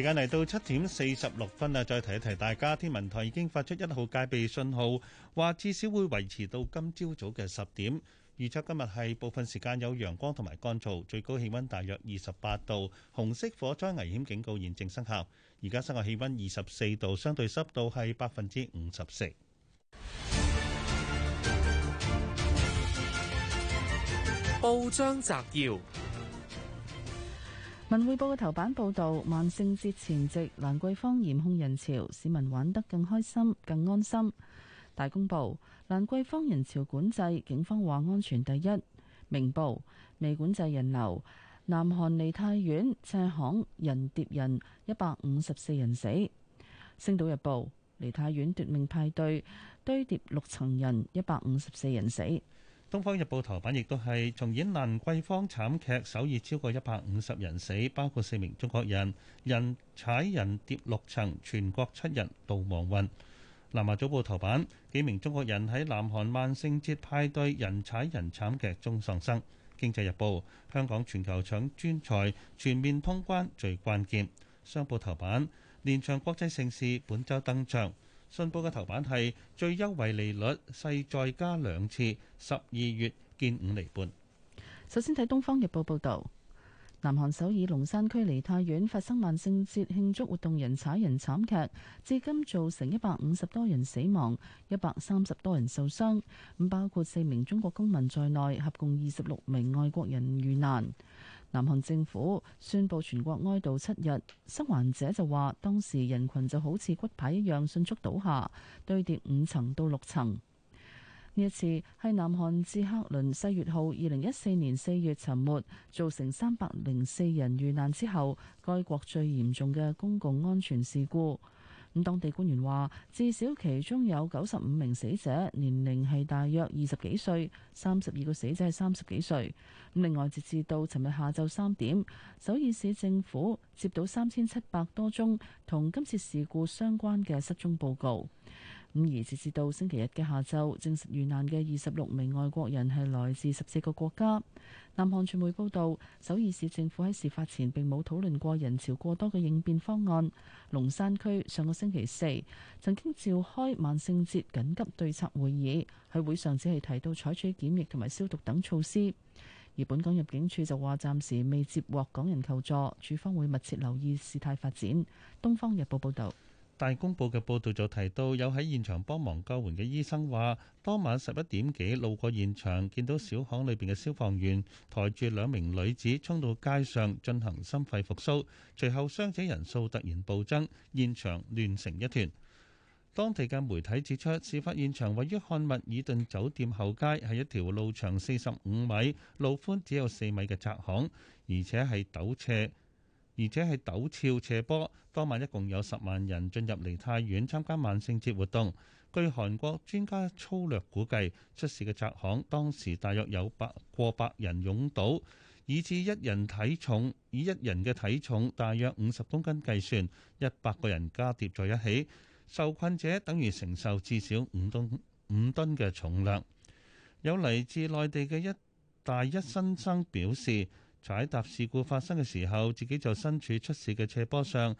時間嚟到七點四十六分啦，再提一提大家，天文台已經發出一號戒備信號，話至少會維持到今朝早嘅十點。預測今日係部分時間有陽光同埋乾燥，最高氣溫大約二十八度。紅色火災危險警告現正生效。而家室外氣溫二十四度，相對濕度係百分之五十四。報章摘要。文匯報嘅頭版報導，萬聖節前夕蘭桂坊嚴控人潮，市民玩得更開心、更安心。大公報：蘭桂坊人潮管制，警方話安全第一。明報：未管制人流，南韓梨泰院，斜巷人疊人，一百五十四人死。星島日報：梨泰院奪命派對，堆疊六層人，一百五十四人死。《東方日報》頭版亦都係重演蘭桂坊慘劇，首爾超過一百五十人死，包括四名中國人；人踩人跌六層，全國七人度亡魂。《南華早報》頭版，幾名中國人喺南韓萬聖節派對人踩人慘劇中喪生。《經濟日報》香港全球搶專才全面通關最關鍵。商報頭版，連場國際盛事本周登場。信報嘅頭版係最優惠利率勢再加兩次，十二月見五厘半。首先睇《東方日報》報導，南韓首爾龍山區梨泰院發生萬聖節慶祝活動人踩人慘劇，至今造成一百五十多人死亡，一百三十多人受傷，包括四名中國公民在內，合共二十六名外國人遇難。南韓政府宣布全國哀悼七日。生還者就話，當時人群就好似骨牌一樣迅速倒下，堆疊五層到六層。呢一次係南韓自客輪世越號二零一四年四月沉沒，造成三百零四人遇難之後，該國最嚴重嘅公共安全事故。咁當地官員話，至少其中有九十五名死者，年齡係大約二十幾歲，三十二個死者係三十幾歲。咁另外，截至到尋日下晝三點，首爾市政府接到三千七百多宗同今次事故相關嘅失蹤報告。咁而截至到星期日嘅下晝，證實遇難嘅二十六名外國人係來自十四個國家。南韓傳媒報道，首爾市政府喺事發前並冇討論過人潮過多嘅應變方案。龍山區上個星期四曾經召開萬聖節緊急對策會議，喺會上只係提到採取檢疫同埋消毒等措施。而本港入境處就話暫時未接獲港人求助，處方會密切留意事態發展。東方日報報導。大公報嘅報導就提到，有喺現場幫忙救援嘅醫生話，當晚十一點幾路過現場，見到小巷裏邊嘅消防員抬住兩名女子衝到街上進行心肺復甦，隨後傷者人數突然暴增，現場亂成一團。當地嘅媒體指出，事發現場位於漢密爾頓酒店後街，係一條路長四十五米、路寬只有四米嘅窄巷，而且係陡斜。而且係陡峭斜坡，當晚一共有十萬人進入梨泰院參加萬聖節活動。據韓國專家粗略估計，出事嘅窄巷當時大約有百過百人擁堵，以至一人體重以一人嘅體重大約五十公斤計算，一百個人加疊在一起，受困者等於承受至少五噸五噸嘅重量。有嚟自內地嘅一大一新生表示。踩踏事故發生嘅時候，自己就身處出事嘅斜坡上，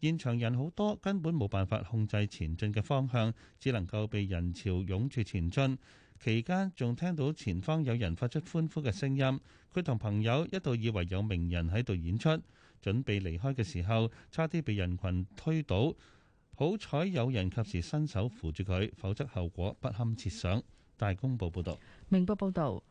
現場人好多，根本冇辦法控制前進嘅方向，只能夠被人潮擁住前進，期間仲聽到前方有人發出歡呼嘅聲音，佢同朋友一度以為有名人喺度演出，準備離開嘅時候，差啲被人群推倒，好彩有人及時伸手扶住佢，否則後果不堪設想。大公報報道，明報報導。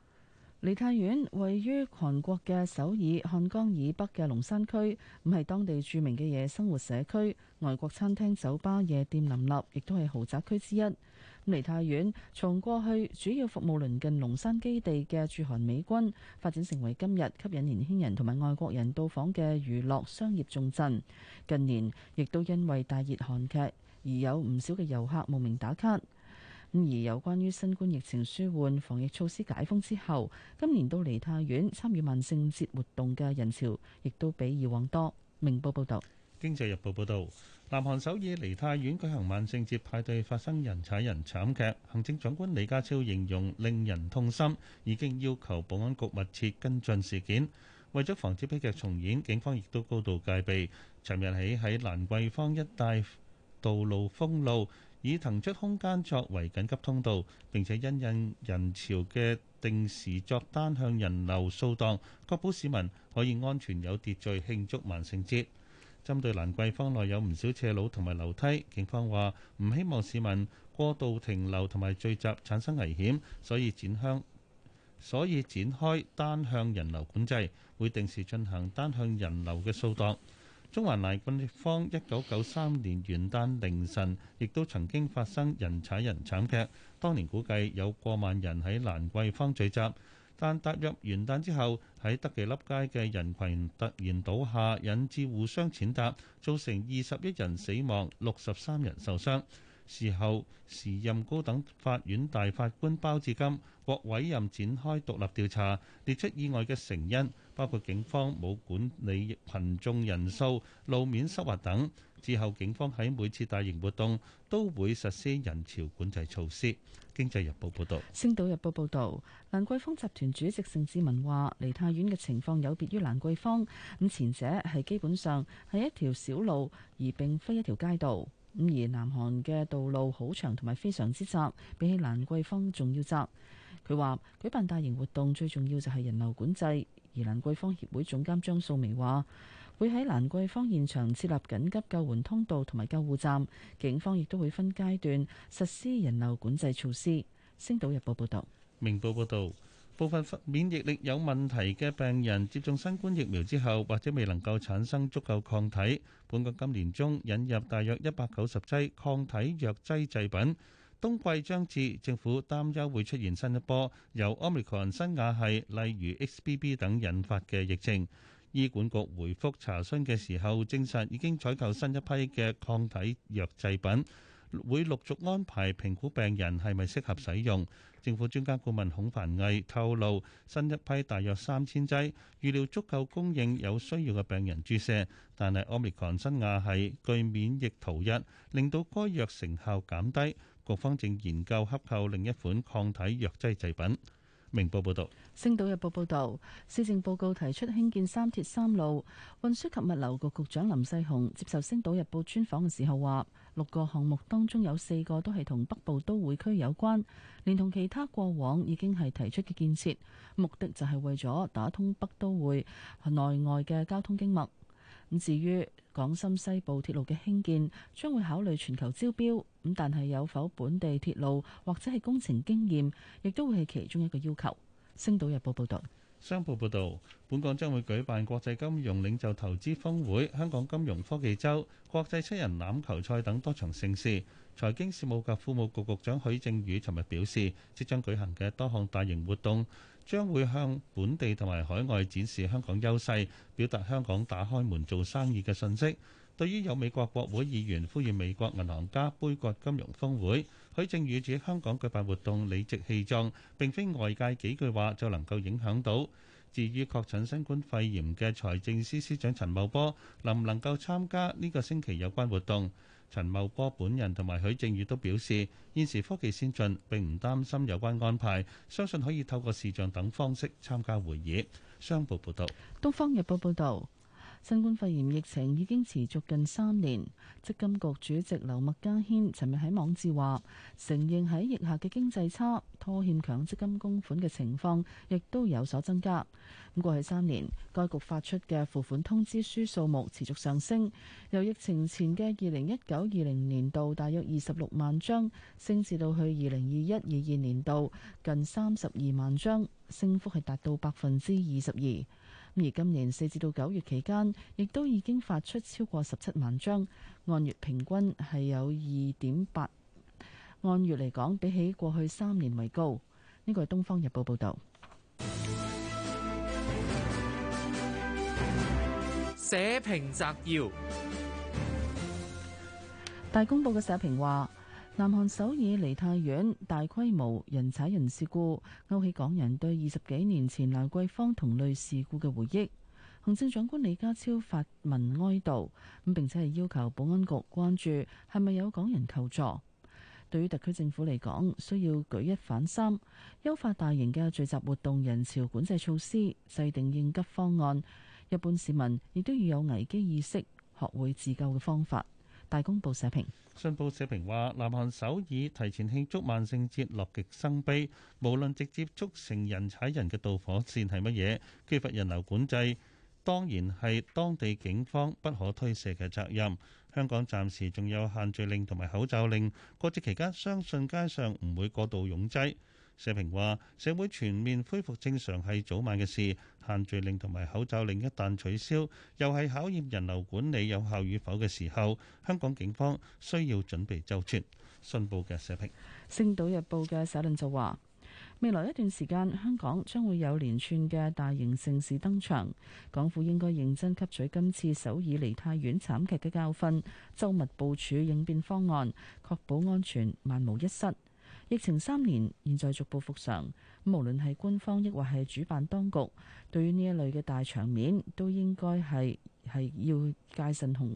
梨泰院位於韓國嘅首爾漢江以北嘅龍山區，咁係當地著名嘅夜生活社區，外國餐廳、酒吧、夜店林立，亦都係豪宅區之一。咁梨泰院從過去主要服務鄰近龍山基地嘅駐韓美軍，發展成為今日吸引年輕人同埋外國人到訪嘅娛樂商業重鎮。近年亦都因為大熱韓劇而有唔少嘅遊客慕名打卡。咁而有關於新冠疫情舒緩、防疫措施解封之後，今年到梨泰院參與萬聖節活動嘅人潮，亦都比以往多。明報報導，《經濟日報》報導，南韓首爾梨泰院舉行萬聖節派對，發生人踩人慘劇。行政長官李家超形容令人痛心，已經要求保安局密切跟進事件，為咗防止悲劇重演，警方亦都高度戒備。尋日起喺蘭桂坊一帶道路封路。以騰出空間作為緊急通道，並且因應人潮嘅定時作單向人流掃蕩，確保市民可以安全有秩序慶祝萬聖節。針對蘭桂坊內有唔少斜路同埋樓梯，警方話唔希望市民過度停留同埋聚集產生危險，所以展向所以展開單向人流管制，會定時進行單向人流嘅掃蕩。中環蘭桂坊，一九九三年元旦凌晨，亦都曾經發生人踩人慘劇。當年估計有過萬人喺蘭桂坊聚集，但踏入元旦之後，喺德己立街嘅人群突然倒下，引致互相踐踏，造成二十一人死亡、六十三人受傷。事後，時，時任高等法院大法官包致金獲委任展開獨立調查，列出意外嘅成因，包括警方冇管理群眾人數、路面濕滑等。之後，警方喺每次大型活動都會實施人潮管制措施。《經濟日報，報》報道，《星島日報，報》報道，蘭桂坊集團主席盛智文話：梨泰院嘅情況有別於蘭桂坊，咁前者係基本上係一條小路，而並非一條街道。咁而南韓嘅道路好長同埋非常之窄，比起蘭桂坊仲要窄。佢話舉辦大型活動最重要就係人流管制。而蘭桂坊協會總監張素薇話：會喺蘭桂坊現場設立緊急救援通道同埋救護站，警方亦都會分階段實施人流管制措施。星島日報報道。明報報導。部分免疫力有問題嘅病人接種新冠疫苗之後或者未能夠產生足夠抗體，本港今年中引入大約一百九十劑抗體藥劑製品。冬季將至，政府擔憂會出現新一波由 Omicron 新亞系，例如 XBB 等引發嘅疫情。醫管局回覆查詢嘅時候，證實已經採購新一批嘅抗體藥製品。會陸續安排評估病人係咪適合使用。政府專家顧問孔凡毅透露，新一批大約三千劑，預料足夠供應有需要嘅病人注射。但係奧密 o n 新亞系具免疫逃逸，令到該藥成效減低。各方正研究洽購另一款抗體藥劑製品。明報報道：《星島日報》報道，施政報告提出興建三鐵三路，運輸及物流局局長林世雄接受《星島日報》專訪嘅時候話，六個項目當中有四個都係同北部都會區有關，連同其他過往已經係提出嘅建設，目的就係為咗打通北都會內外嘅交通經脈。咁至於港深西部鐵路嘅興建，將會考慮全球招標，咁但係有否本地鐵路或者係工程經驗，亦都會係其中一個要求。星島日報報導。商報報導，本港將會舉辦國際金融領袖投資峯會、香港金融科技周、國際七人欖球賽等多場盛事。財經事務及庫務局局長許正宇尋日表示，即將舉行嘅多項大型活動將會向本地同埋海外展示香港優勢，表達香港打開門做生意嘅訊息。對於有美國國會議員呼籲美國銀行家杯葛金融峯會。許正宇指香港舉辦活動，理直氣壯，並非外界幾句話就能夠影響到。至於確診新冠肺炎嘅財政司司長陳茂波能唔能夠參加呢個星期有關活動，陳茂波本人同埋許正宇都表示，現時科技先進並唔擔心有關安排，相信可以透過視像等方式參加會議。商報報導，《東方日報》報導。新冠肺炎疫情已經持續近三年，積金局主席劉麥嘉軒尋日喺網誌話，承認喺疫下嘅經濟差、拖欠強積金供款嘅情況亦都有所增加。咁過去三年，該局發出嘅付款通知書數目持續上升，由疫情前嘅二零一九二零年度大約二十六萬張，升至到去二零二一二二年度近三十二萬張，升幅係達到百分之二十二。而今年四至到九月期間，亦都已經發出超過十七萬張，按月平均係有二點八，按月嚟講，比起過去三年為高。呢個係《東方日報》報導。社評摘要，大公報嘅社評話。南韓首爾梨泰院大規模人踩人事故，勾起港人對二十幾年前蘭桂坊同類事故嘅回憶。行政長官李家超發文哀悼，咁並且係要求保安局關注係咪有港人求助。對於特區政府嚟講，需要舉一反三，優化大型嘅聚集活動人潮管制措施，制定應急方案。一般市民亦都要有危機意識，學會自救嘅方法。大公報社評，信報社評話：南韓首爾提前慶祝萬聖節，樂極生悲。無論直接促成人踩人嘅導火線係乜嘢，缺乏人流管制，當然係當地警方不可推卸嘅責任。香港暫時仲有限聚令同埋口罩令，過節期間相信街上唔會過度擁擠。社評話：社會全面恢復正常係早晚嘅事，限聚令同埋口罩令一旦取消，又係考驗人流管理有效與否嘅時候，香港警方需要準備周全。信報嘅社評，《星島日報》嘅社論就話：未來一段時間，香港將會有連串嘅大型盛事登場，港府應該認真吸取今次首爾梨泰院慘劇嘅教訓，周密部署應變方案，確保安全萬無一失。疫情三年，現在逐步復常。無論係官方，抑或係主辦當局，對於呢一類嘅大場面，都應該係係，要戒慎恐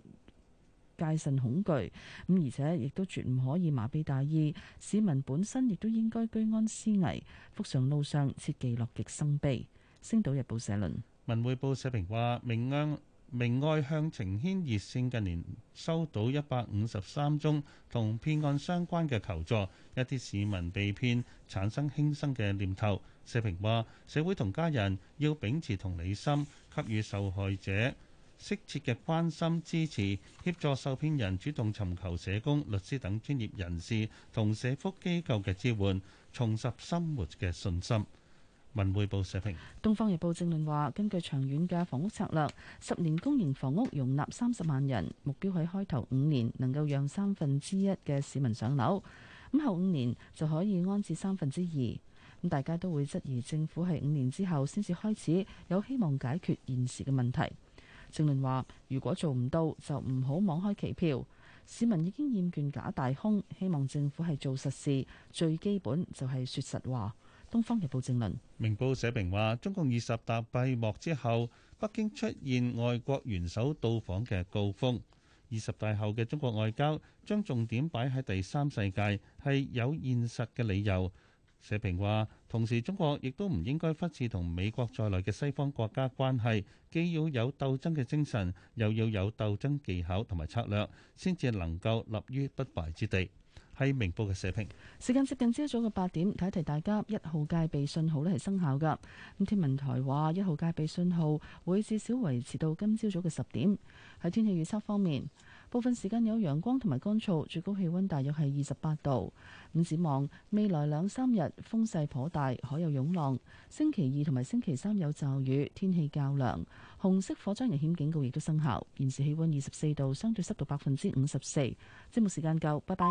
戒慎恐懼。咁而且亦都絕唔可以麻痹大意。市民本身亦都應該居安思危，復常路上切記樂極生悲。星島日報社論。文匯報社評話：明央。明愛向晴軒熱線近年收到一百五十三宗同騙案相關嘅求助，一啲市民被騙產生輕生嘅念頭。社評話：社會同家人要秉持同理心，給予受害者適切嘅關心支持，協助受騙人主動尋求社工、律師等專業人士同社福機構嘅支援，重拾生活嘅信心。文匯報社評，《東方日報》正論話：根據長遠嘅房屋策略，十年公營房屋容納三十萬人，目標喺開頭五年能夠讓三分之一嘅市民上樓，咁後五年就可以安置三分之二。咁大家都會質疑政府係五年之後先至開始有希望解決現時嘅問題。正論話：如果做唔到，就唔好妄開期票。市民已經厭倦假大空，希望政府係做實事，最基本就係說實話。《東方日報》政論，明報社評話：中共二十大閉幕之後，北京出現外國元首到訪嘅高峯。二十大後嘅中國外交將重點擺喺第三世界，係有現實嘅理由。社評話，同時中國亦都唔應該忽視同美國在內嘅西方國家關係，既要有鬥爭嘅精神，又要有鬥爭技巧同埋策略，先至能夠立於不敗之地。係明報嘅社評。時間接近朝早嘅八點，提一提大家一號戒備信號咧係生效㗎。咁天文台話一號戒備信號會至少維持到今朝早嘅十點。喺天氣預測方面，部分時間有陽光同埋乾燥，最高氣温大約係二十八度。咁展望未來兩三日風勢頗大，海有湧浪。星期二同埋星期三有驟雨，天氣較涼。紅色火災危險警告亦都生效。現時氣温二十四度，相對濕度百分之五十四。節目冇時間夠，拜拜。